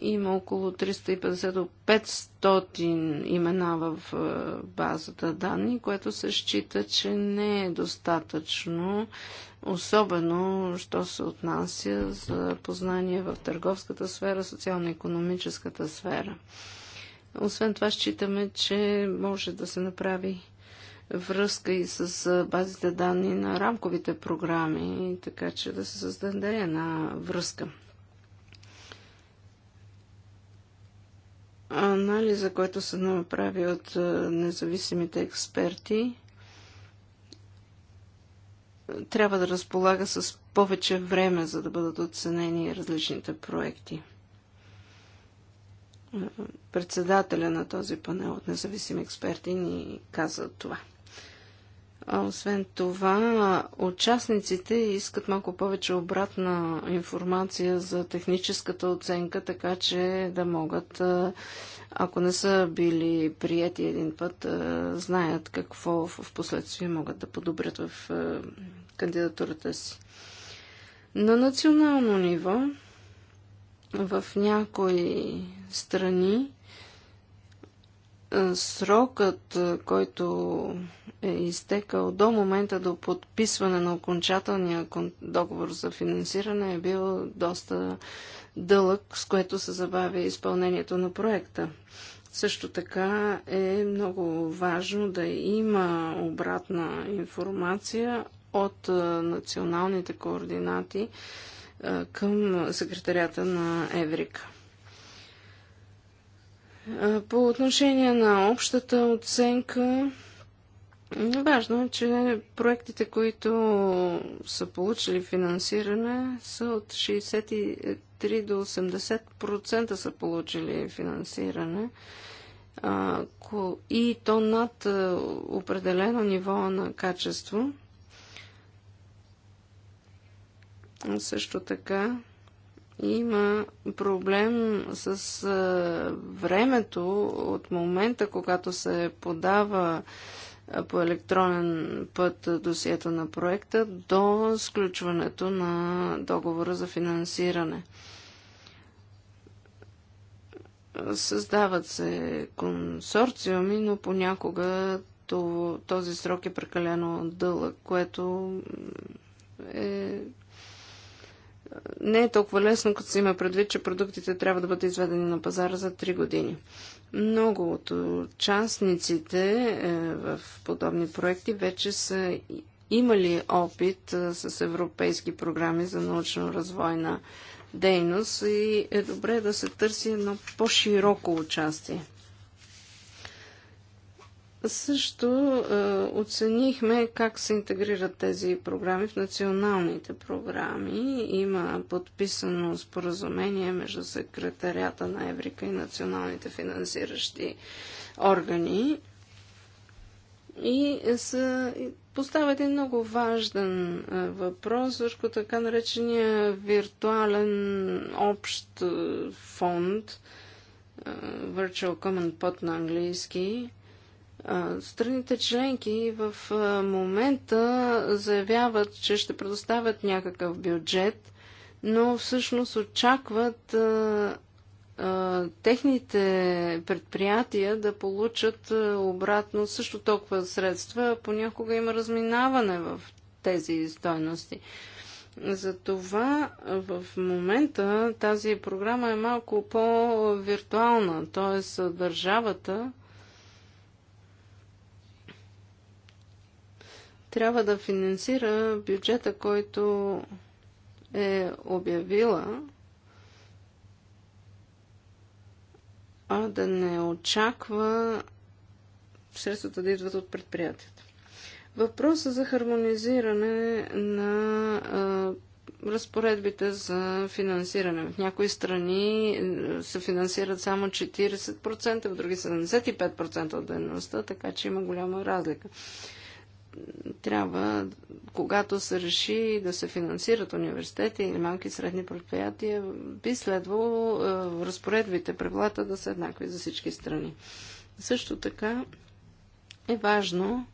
има около 350 до 500 имена в е, базата данни, което се счита, че не е достатъчно особено, що се отнася за познание в търговската сфера, социално-економическата сфера. Освен това, считаме, че може да се направи връзка и с базите данни на рамковите програми, така че да се създаде една връзка. Анализа, който се направи от независимите експерти, трябва да разполага с повече време, за да бъдат оценени различните проекти. Председателя на този панел от независими експерти ни каза това. А освен това, участниците искат малко повече обратна информация за техническата оценка, така че да могат ако не са били прияти един път, знаят какво в последствие могат да подобрят в кандидатурата си. На национално ниво в някои страни срокът, който е изтекал до момента до подписване на окончателния договор за финансиране е бил доста дълъг, с което се забавя изпълнението на проекта. Също така е много важно да има обратна информация от националните координати към секретарята на Еврика. По отношение на общата оценка, важно е, че проектите, които са получили финансиране, са от 3 до 80% са получили финансиране и то над определено ниво на качество. Също така има проблем с времето от момента, когато се подава по електронен път досието на проекта до сключването на договора за финансиране. Създават се консорциуми, но понякога този срок е прекалено дълъг, което е... не е толкова лесно, като се има предвид, че продуктите трябва да бъдат изведени на пазара за 3 години. Много от участниците е, в подобни проекти вече са имали опит е, с европейски програми за научно-развойна дейност и е добре да се търси едно по-широко участие. Също е, оценихме как се интегрират тези програми в националните програми. Има подписано споразумение между секретарята на Еврика и националните финансиращи органи. И са, поставя един много важен е, въпрос върху така наречения виртуален общ е, фонд, е, Virtual Common Pot на английски, Страните членки в момента заявяват, че ще предоставят някакъв бюджет, но всъщност очакват техните предприятия да получат обратно също толкова средства. Понякога има разминаване в тези стойности. Затова в момента тази програма е малко по-виртуална, т.е. държавата трябва да финансира бюджета, който е обявила, а да не очаква средствата да идват от предприятията. Въпросът за хармонизиране на а, разпоредбите за финансиране. В някои страни се финансират само 40%, в други 75% от дейността, така че има голяма разлика трябва, когато се реши да се финансират университети или малки и средни предприятия, би следвало е, разпоредбите, правилата да са еднакви за всички страни. Също така е важно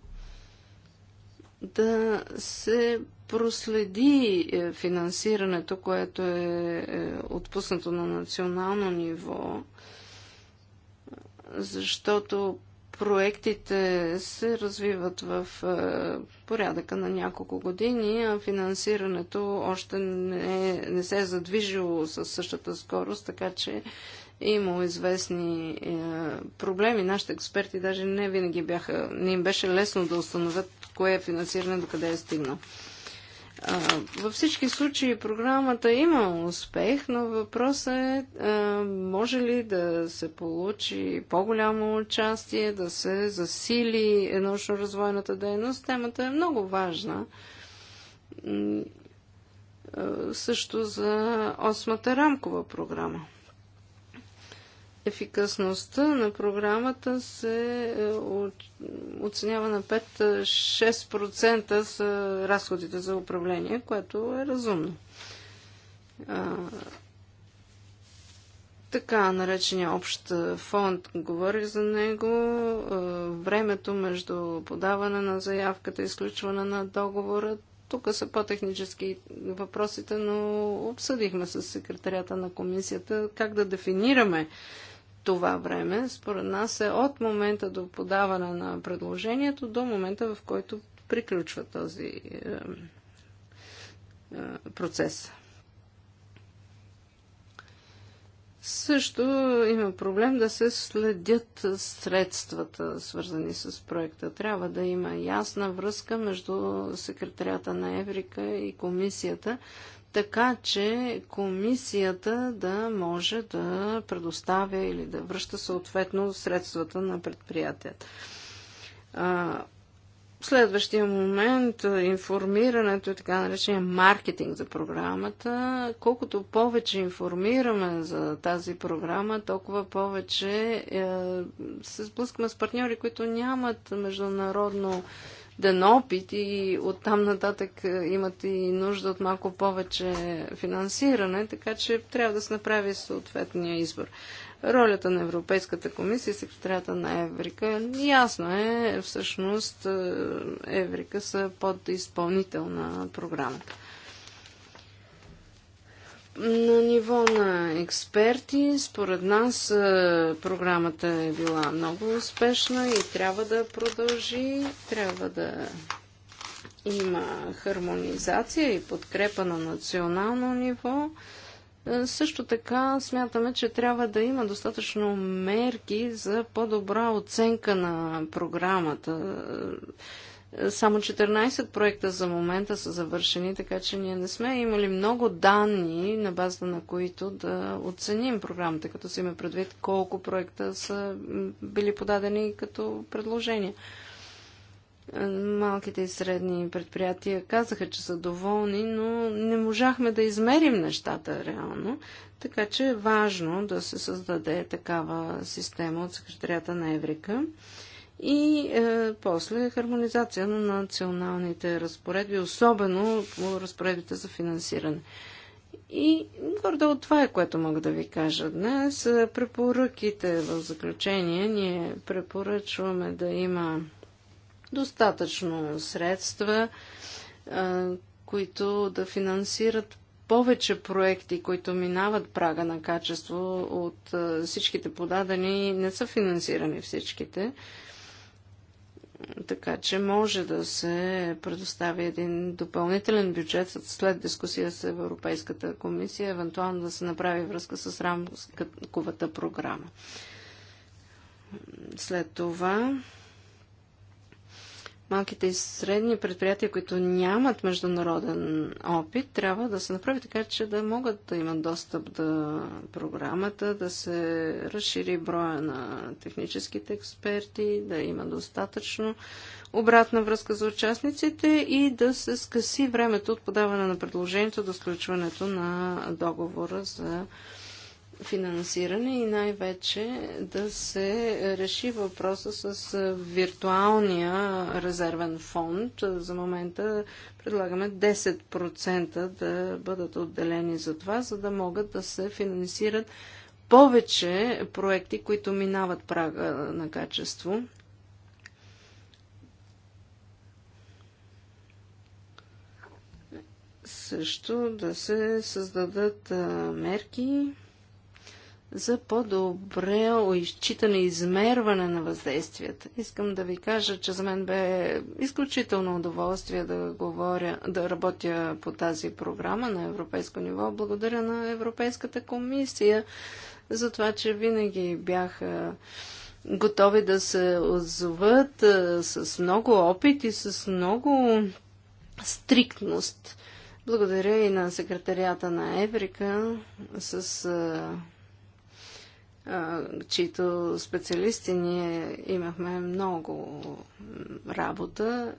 да се проследи е, финансирането, което е, е отпуснато на национално ниво, защото проектите се развиват в е, порядъка на няколко години, а финансирането още не, не се е задвижило със същата скорост, така че е имало известни проблеми. Нашите експерти даже не винаги бяха, не им беше лесно да установят кое е финансиране, до къде е стигнал. Във всички случаи програмата има успех, но въпросът е може ли да се получи по-голямо участие, да се засили научно-развойната дейност. Темата е много важна. Също за осмата рамкова програма ефикасността на програмата се е, оценява на 5-6% е, с е, разходите за управление, което е разумно. така наречения общ фонд, говорих за него, времето между подаване на заявката и изключване на договора, тук са по-технически въпросите, но обсъдихме с секретарята на комисията как да дефинираме това време, според нас, е от момента до подаване на предложението до момента, в който приключва този е, е, процес. Също има проблем да се следят средствата, свързани с проекта. Трябва да има ясна връзка между секретарята на Еврика и комисията, така че комисията да може да предоставя или да връща съответно средствата на предприятията. Следващия момент, информирането и така наречения маркетинг за програмата. Колкото повече информираме за тази програма, толкова повече е, се сблъскваме с партньори, които нямат международно ден опит и оттам нататък е, имат и нужда от малко повече финансиране, така че трябва да се направи съответния избор. Ролята на Европейската комисия и секретарята на Еврика, ясно е, всъщност е, Еврика са подизпълнител на програмата. На ниво на експерти, според нас, е, програмата е била много успешна и трябва да продължи, трябва да има хармонизация и подкрепа на национално ниво. Е, също така смятаме, че трябва да има достатъчно мерки за по-добра оценка на програмата само 14 проекта за момента са завършени, така че ние не сме имали много данни, на базата на които да оценим програмата, като си има предвид колко проекта са били подадени като предложения. Малките и средни предприятия казаха, че са доволни, но не можахме да измерим нещата реално, така че е важно да се създаде такава система от секретарията на Еврика и е, после хармонизация на националните разпоредби, особено по разпоредбите за финансиране. И гордо от това е, което мога да ви кажа днес. Е, препоръките в заключение ние препоръчваме да има достатъчно средства, е, които да финансират повече проекти, които минават прага на качество от е, всичките подадени, не са финансирани всичките. Е, така че може да се предостави един допълнителен бюджет след дискусия с Европейската комисия, евентуално да се направи връзка с рамковата програма. След това малките и средни предприятия, които нямат международен опит, трябва да се направи така, че да могат да имат достъп до програмата, да се разшири броя на техническите експерти, да има достатъчно обратна връзка за участниците и да се скъси времето от подаване на предложението до сключването на договора за финансиране и най-вече да се реши въпроса с виртуалния резервен фонд. За момента предлагаме 10% да бъдат отделени за това, за да могат да се финансират повече проекти, които минават прага на качество. Също да се създадат мерки за по-добре изчитане и измерване на въздействията. Искам да ви кажа, че за мен бе изключително удоволствие да говоря, да работя по тази програма на европейско ниво. Благодаря на Европейската комисия за това, че винаги бяха готови да се отзоват с много опит и с много стриктност. Благодаря и на секретарията на Еврика, с чието специалисти ние имахме много работа.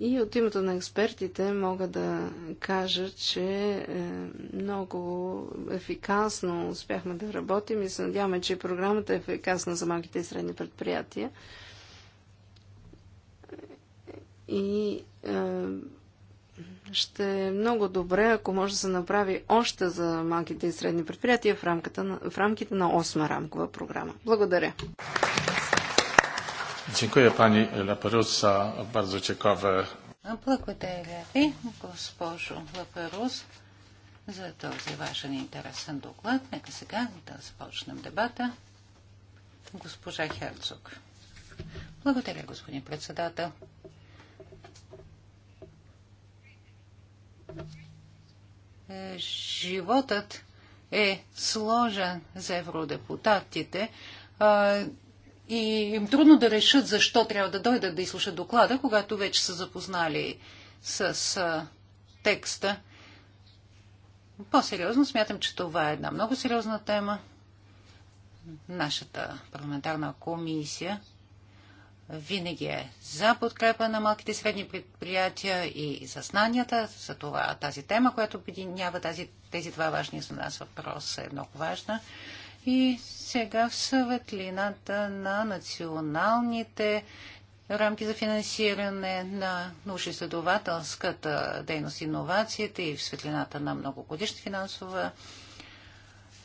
И от името на експертите мога да кажа, че е, много ефикасно успяхме да работим и се надяваме, че програмата е ефикасна за малките и средни предприятия. И е, ще е много добре, ако може да се направи още за малките и средни предприятия в, рамката на, в рамките на 8 рамкова програма. Благодаря. Dziękuję Pani Laperus za bardzo ciekawe. Благодаря Ви, госпожо Лаперус, за този важен и интересен доклад. Нека сега да започнем дебата. Госпожа Херцог. Благодаря, господин председател. Е, животът е сложен за евродепутатите а, и им трудно да решат защо трябва да дойдат да изслушат доклада, когато вече са запознали с а, текста. По-сериозно смятам, че това е една много сериозна тема. Нашата парламентарна комисия винаги е за подкрепа на малките и средни предприятия и за знанията. За това тази тема, която объединява, тази, тези два важни за нас въпроса е много важна. И сега в съветлината на националните рамки за финансиране на научно-изследователската дейност и иновациите и в светлината на многогодишната финансова,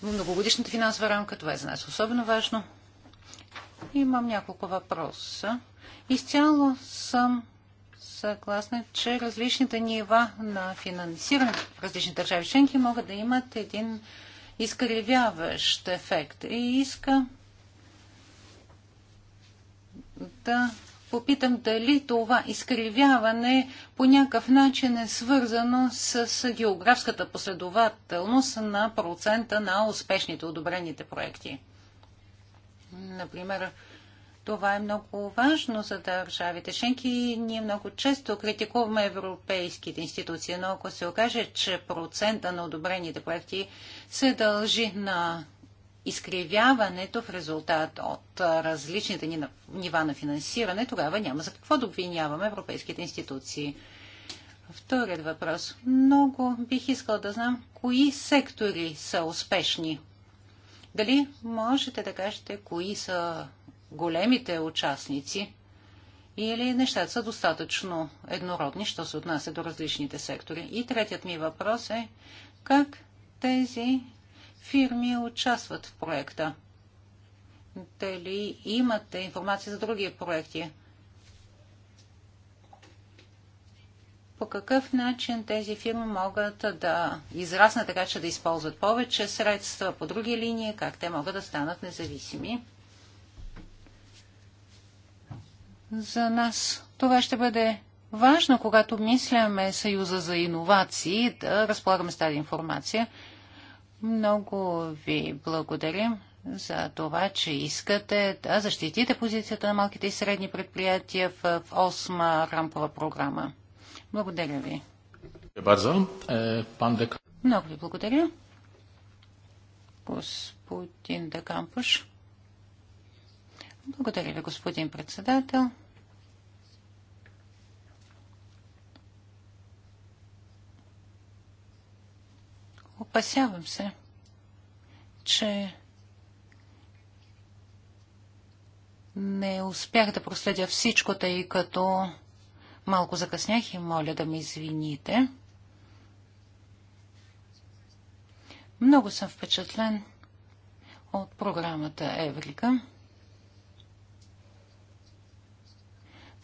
многогодишната финансова рамка. Това е за нас особено важно. Имам няколко въпроса. Изцяло съм съгласна, че различните нива на финансиране в различни държави членки могат да имат един изкривяващ ефект. И иска да попитам дали това изкривяване по някакъв начин е свързано с географската последователност на процента на успешните одобрените проекти. Например, това е много важно за държавите шенки, и ние много често критикуваме европейските институции, но ако се окаже, че процента на одобрените проекти се дължи на изкривяването в резултат от различните нива на финансиране, тогава няма за какво да обвиняваме европейските институции. Вторият въпрос. Много бих искал да знам кои сектори са успешни дали можете да кажете кои са големите участници или нещата са достатъчно еднородни, що се отнася до различните сектори? И третият ми въпрос е как тези фирми участват в проекта? Дали имате информация за други проекти? по какъв начин тези фирми могат да израснат така, че да използват повече средства по други линии, как те могат да станат независими. За нас това ще бъде важно, когато мисляме Съюза за иновации, да разполагаме с тази информация. Много ви благодарим за това, че искате да защитите позицията на малките и средни предприятия в осма рамкова програма. Благодаря ви. Е, е, Много ви благодаря. Господин Декампуш. Благодаря ви, господин председател. Опасявам се, че не успях да проследя всичко, тъй като Малко закъснях и моля да ме извините. Много съм впечатлен от програмата Еврика.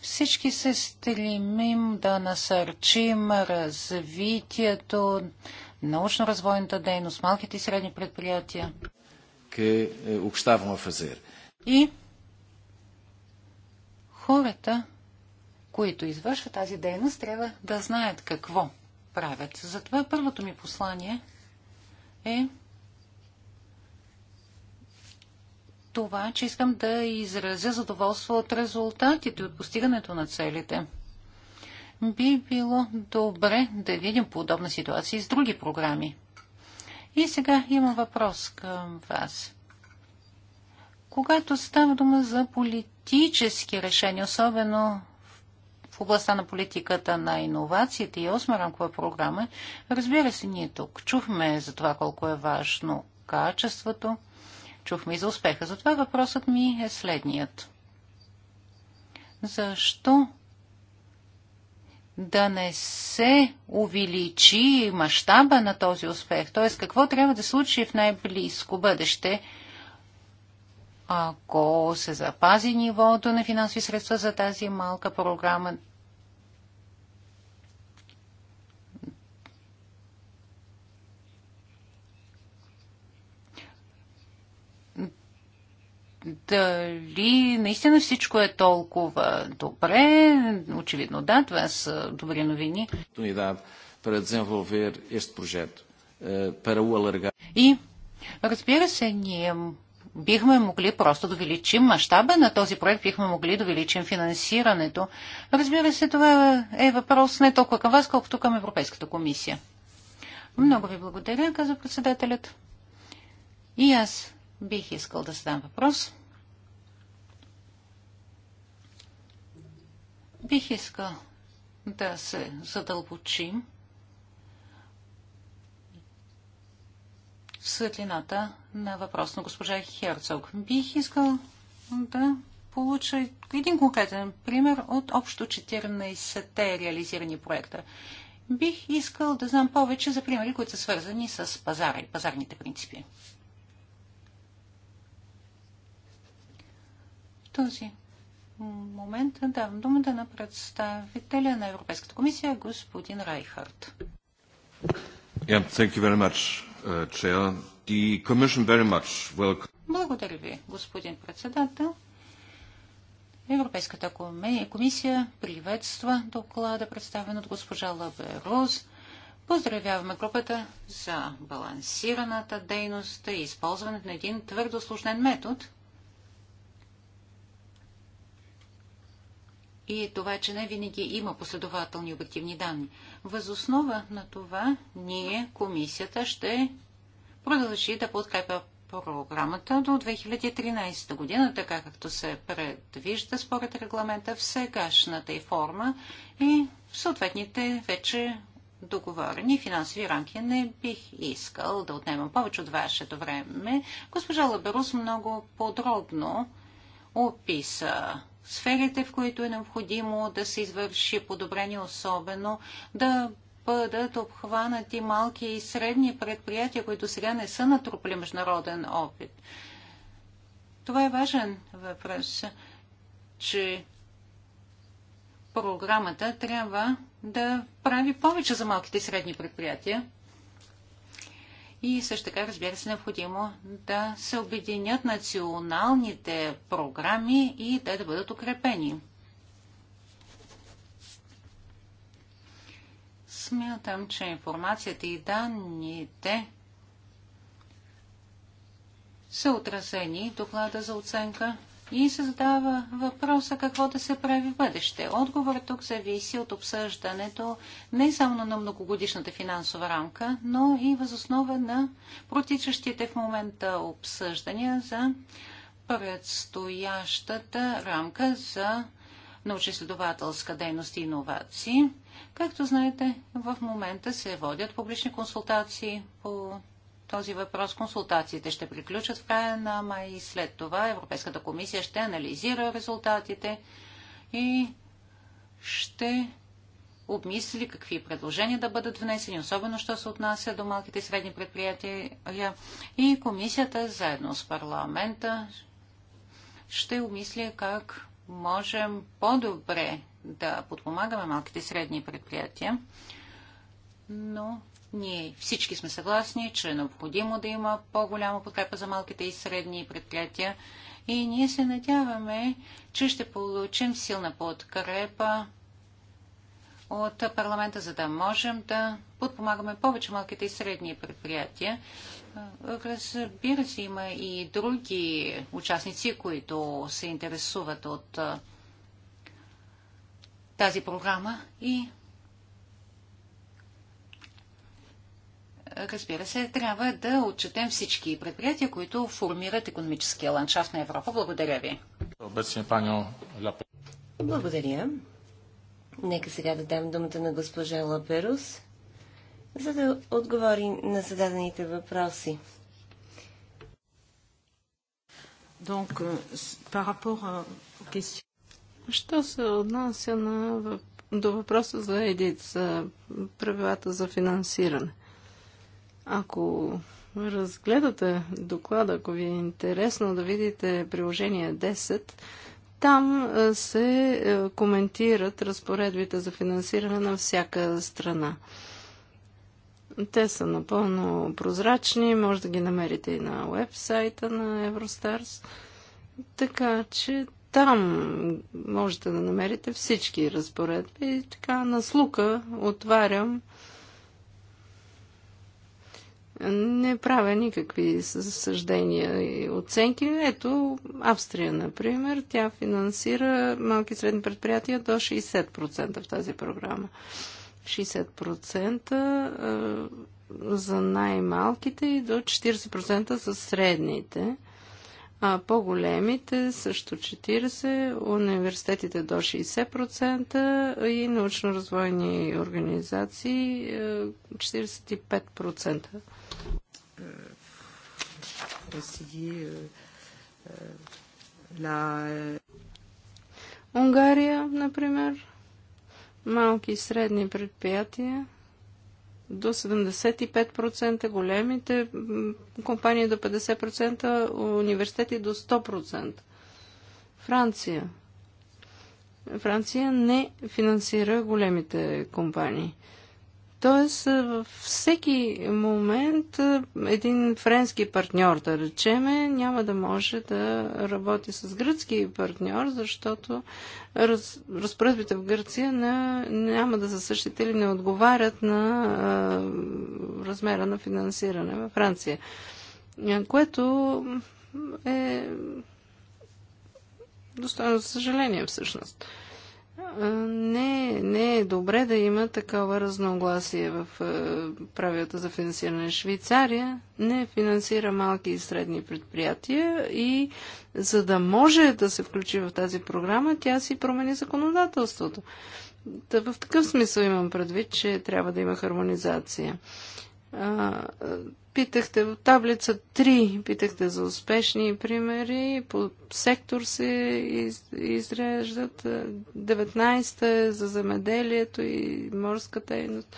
Всички се стремим да насърчим развитието, научно-развойната дейност, малките и средни предприятия. Que, o que И хората които извършват тази дейност, трябва да знаят какво правят. Затова първото ми послание е това, че искам да изразя задоволство от резултатите, от постигането на целите. Би било добре да видим подобна ситуация и с други програми. И сега имам въпрос към вас. Когато става дума за политически решения, особено в областта на политиката на иновациите и осма рамкова програма. Разбира се, ние тук чухме за това колко е важно качеството, чухме и за успеха. Затова въпросът ми е следният. Защо да не се увеличи мащаба на този успех? Т.е. какво трябва да случи в най-близко бъдеще, ако се запази нивото на финансови средства за тази малка програма, дали наистина всичко е толкова добре? Очевидно да, това са добри новини. Eh, И разбира се, ние бихме могли просто да увеличим мащаба на този проект, бихме могли да увеличим финансирането. Разбира се, това е въпрос не толкова към вас, колкото към Европейската комисия. Много ви благодаря, каза председателят. И аз бих искал да задам въпрос. Бих искал да се задълбочим в светлината на въпрос на госпожа Херцог. Бих искал да получа един конкретен пример от общо 14-те реализирани проекта. Бих искал да знам повече за примери, които са свързани с пазара и пазарните принципи. този момент давам думата на представителя на Европейската комисия, господин Райхард. Uh, Благодаря ви, господин председател. Европейската комисия приветства доклада, представен от госпожа Лабероз. Поздравяваме групата за балансираната дейност и използването на един твърдо метод – и това, че не винаги има последователни обективни данни. Възоснова на това ние, комисията, ще продължи да подкрепя програмата до 2013 година, така както се предвижда според регламента в сегашната и форма и в съответните вече договорени финансови рамки. Не бих искал да отнемам повече от вашето време. Госпожа Лаберус много подробно описа сферите, в които е необходимо да се извърши подобрение, особено да бъдат обхванати малки и средни предприятия, които сега не са натрупали международен опит. Това е важен въпрос, че програмата трябва да прави повече за малките и средни предприятия. И също така, разбира се, необходимо да се обединят националните програми и те да бъдат укрепени. Смятам, че информацията и данните са отразени в доклада за оценка и се задава въпроса какво да се прави в бъдеще. Отговорът тук зависи от обсъждането не само на многогодишната финансова рамка, но и възоснова на протичащите в момента обсъждания за предстоящата рамка за научно-изследователска дейност и иновации. Както знаете, в момента се водят публични консултации по този въпрос. Консултациите ще приключат в края на май и след това Европейската комисия ще анализира резултатите и ще обмисли какви предложения да бъдат внесени, особено що се отнася до малките и средни предприятия. И комисията заедно с парламента ще обмисли как можем по-добре да подпомагаме малките и средни предприятия, но ние всички сме съгласни, че е необходимо да има по-голяма подкрепа за малките и средни предприятия и ние се надяваме, че ще получим силна подкрепа от парламента, за да можем да подпомагаме повече малките и средни предприятия. Разбира се, има и други участници, които се интересуват от тази програма и разбира се, трябва да отчетем всички предприятия, които формират економическия ландшафт на Европа. Благодаря ви. Благодаря. Нека сега да дам думата на госпожа Лаперус, за да отговори на зададените въпроси. Euh, euh, Що се отнася на, до въпроса за едица, правилата за финансиране? Ако разгледате доклада, ако ви е интересно да видите приложение 10, там е, се е, коментират разпоредбите за финансиране на всяка страна. Те са напълно прозрачни, може да ги намерите и на вебсайта на Евростарс. Така че там можете да намерите всички разпоредби. И така на слука отварям не правя никакви съждения и оценки. Ето, Австрия, например, тя финансира малки и средни предприятия до 60% в тази програма. 60% е, за най-малките и до 40% за средните. А по-големите също 40%, университетите до 60% и научно-развойни организации 45%. Е, Euh, euh, euh, Унгария, например, малки и средни предприятия до 75%, големите компании до 50%, университети до 100%. Франция. Франция не финансира големите компании. Тоест, е, във всеки момент е, един френски партньор, да речеме, няма да може да работи с гръцки партньор, защото раз, разпръзбите в Гърция не, няма да са същите или не отговарят на а, е, размера на финансиране във Франция. Което е достойно за съжаление всъщност не, не е добре да има такова разногласие в е, правилата за финансиране. Швейцария не финансира малки и средни предприятия и за да може да се включи в тази програма, тя си промени законодателството. Та в такъв смисъл имам предвид, че трябва да има хармонизация питахте в таблица 3, питахте за успешни примери, по сектор се из, изреждат, 19-та е за земеделието и морската дейност,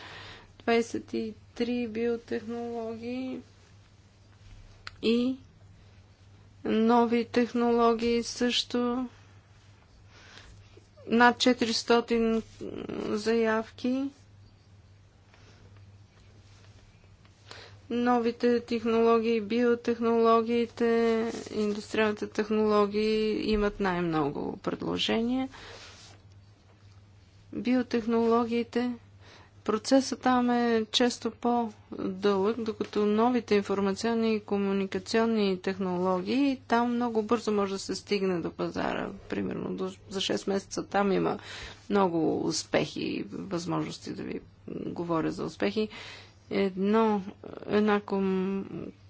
23 биотехнологии и нови технологии също, над 400 заявки новите технологии, биотехнологиите, индустриалните технологии имат най-много предложения. Биотехнологиите, процесът там е често по-дълъг, докато новите информационни и комуникационни технологии, там много бързо може да се стигне до пазара. Примерно за 6 месеца там има много успехи, възможности да ви говоря за успехи. Едно, една ком,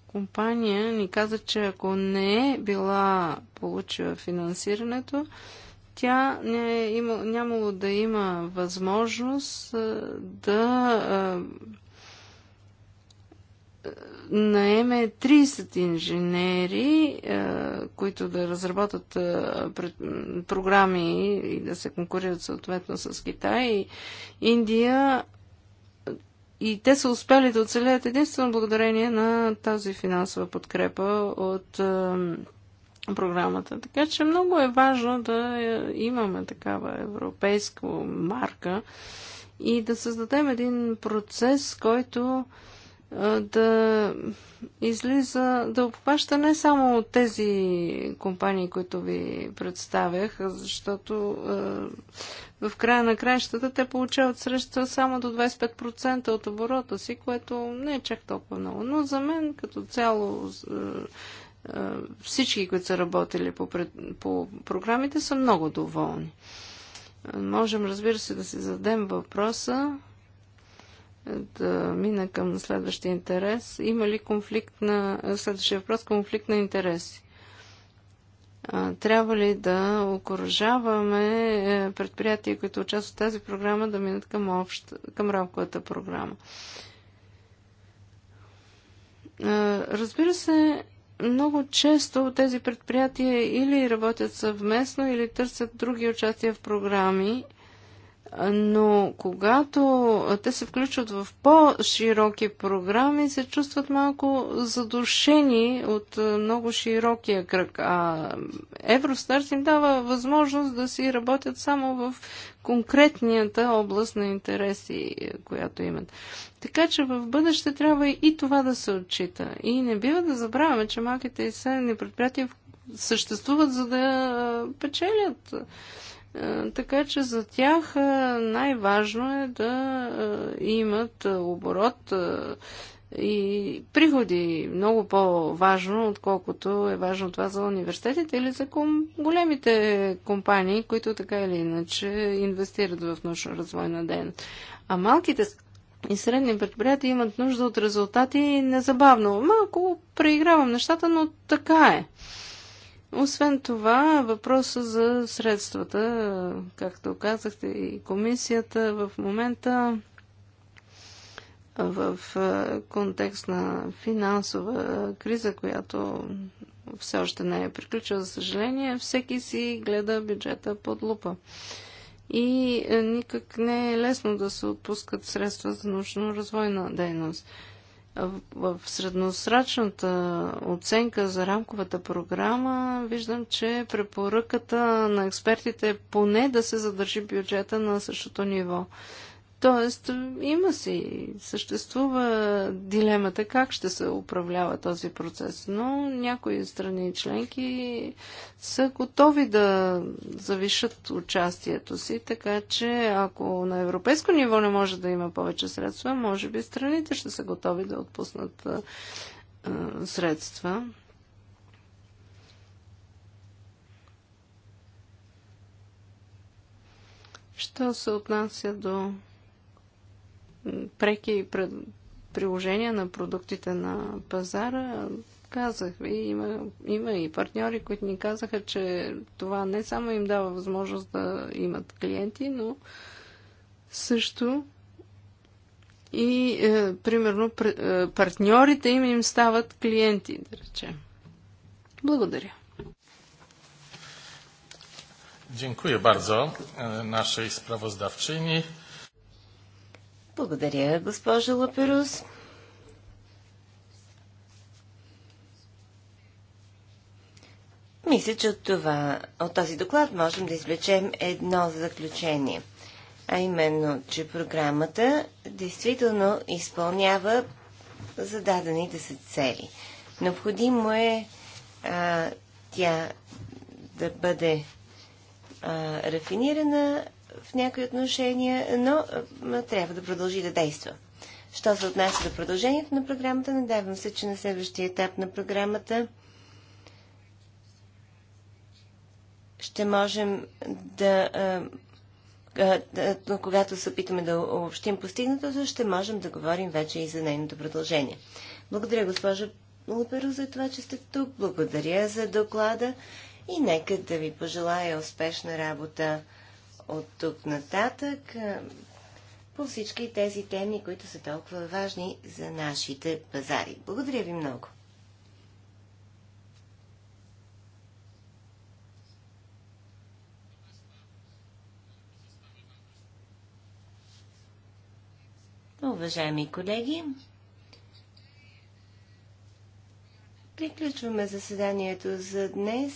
компания ни каза, че ако не е била получила финансирането, тя не е има, нямало да има възможност да наеме 30 инженери, които да разработат програми и да се конкурират съответно с Китай и Индия, и те са успели да оцелеят единствено благодарение на тази финансова подкрепа от програмата. Така че много е важно да е, имаме такава европейска марка и да създадем един процес, който да излиза, да обхваща не само тези компании, които ви представях, защото е, в края на краищата те получават среща само до 25% от оборота си, което не е чак толкова много. Но за мен като цяло е, е, всички, които са работили по, пред... по програмите, са много доволни. Можем, разбира се, да си зададем въпроса, е, да мина към следващия интерес. Има ли конфликт на... Следващия въпрос – конфликт на интереси трябва ли да окоръжаваме е, предприятия, които участват в тази програма, да минат към, общ, към рамковата програма. Разбира се, много често тези предприятия или работят съвместно, или търсят други участия в програми – но когато те се включват в по-широки програми, се чувстват малко задушени от много широкия кръг. А Евростарс им дава възможност да си работят само в конкретнията област на интереси, която имат. Така че в бъдеще трябва и това да се отчита. И не бива да забравяме, че малките и средни предприятия съществуват за да печелят е, така че за тях е, най-важно е да е, имат оборот и приходи. Много по-важно, отколкото е важно това за университетите или за големите компании, които така или иначе инвестират в научно-развойна дейност. А малките и средни предприятия имат нужда от резултати незабавно. Малко преигравам нещата, но така е. Освен това, въпроса за средствата, както казахте и комисията, в момента в контекст на финансова криза, която все още не е приключила, за съжаление, всеки си гледа бюджета под лупа. И никак не е лесно да се отпускат средства за научно-развойна дейност в средносрачната оценка за рамковата програма виждам, че препоръката на експертите е поне да се задържи бюджета на същото ниво. Тоест, има си, съществува дилемата как ще се управлява този процес, но някои страни членки са готови да завишат участието си, така че ако на европейско ниво не може да има повече средства, може би страните ще са готови да отпуснат е, средства. Що се отнася до преки пред, приложения на продуктите на пазара, казах ви, има, има и партньори, които ни казаха, че това не само им дава възможност да имат клиенти, но също и, е, примерно, пр е, партньорите им им стават клиенти, да речем. Благодаря. Dziękuję bardzo e, naszej sprawozdawczyni. Благодаря, госпожа Лаперус. Мисля, че от, това, от този доклад можем да извлечем едно заключение, а именно, че програмата действително изпълнява зададените се цели. Необходимо е а, тя да бъде а, рафинирана, в някои отношения, но трябва да продължи да действа. Що се отнася до продължението на програмата, надявам се, че на следващия етап на програмата ще можем да, когато се опитаме да общим постигнатото, ще можем да говорим вече и за нейното продължение. Благодаря, госпожа Луперо, за това, че сте тук. Благодаря за доклада и нека да ви пожелая успешна работа от тук нататък по всички тези теми, които са толкова важни за нашите пазари. Благодаря ви много! Уважаеми колеги, приключваме заседанието за днес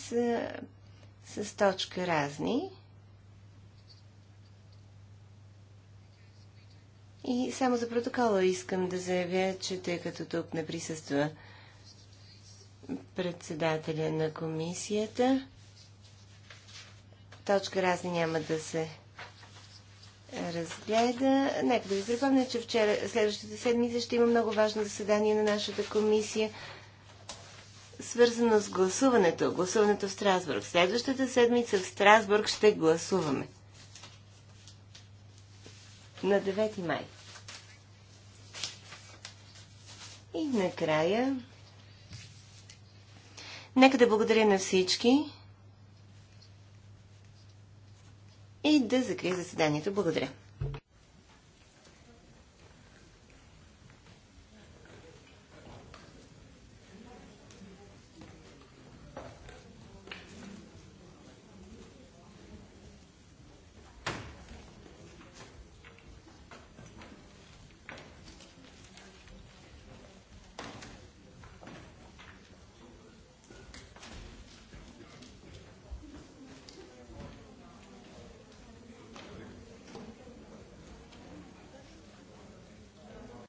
с точка разни. И само за протокола искам да заявя, че тъй като тук не присъства председателя на комисията, точка разни няма да се разгледа. Нека да ви припомня, че вчера, следващата седмица, ще има много важно заседание на нашата комисия, свързано с гласуването. Гласуването в Страсбург. Следващата седмица в Страсбург ще гласуваме. На 9 май. И накрая, нека да благодаря на всички и да закрия заседанието. Благодаря.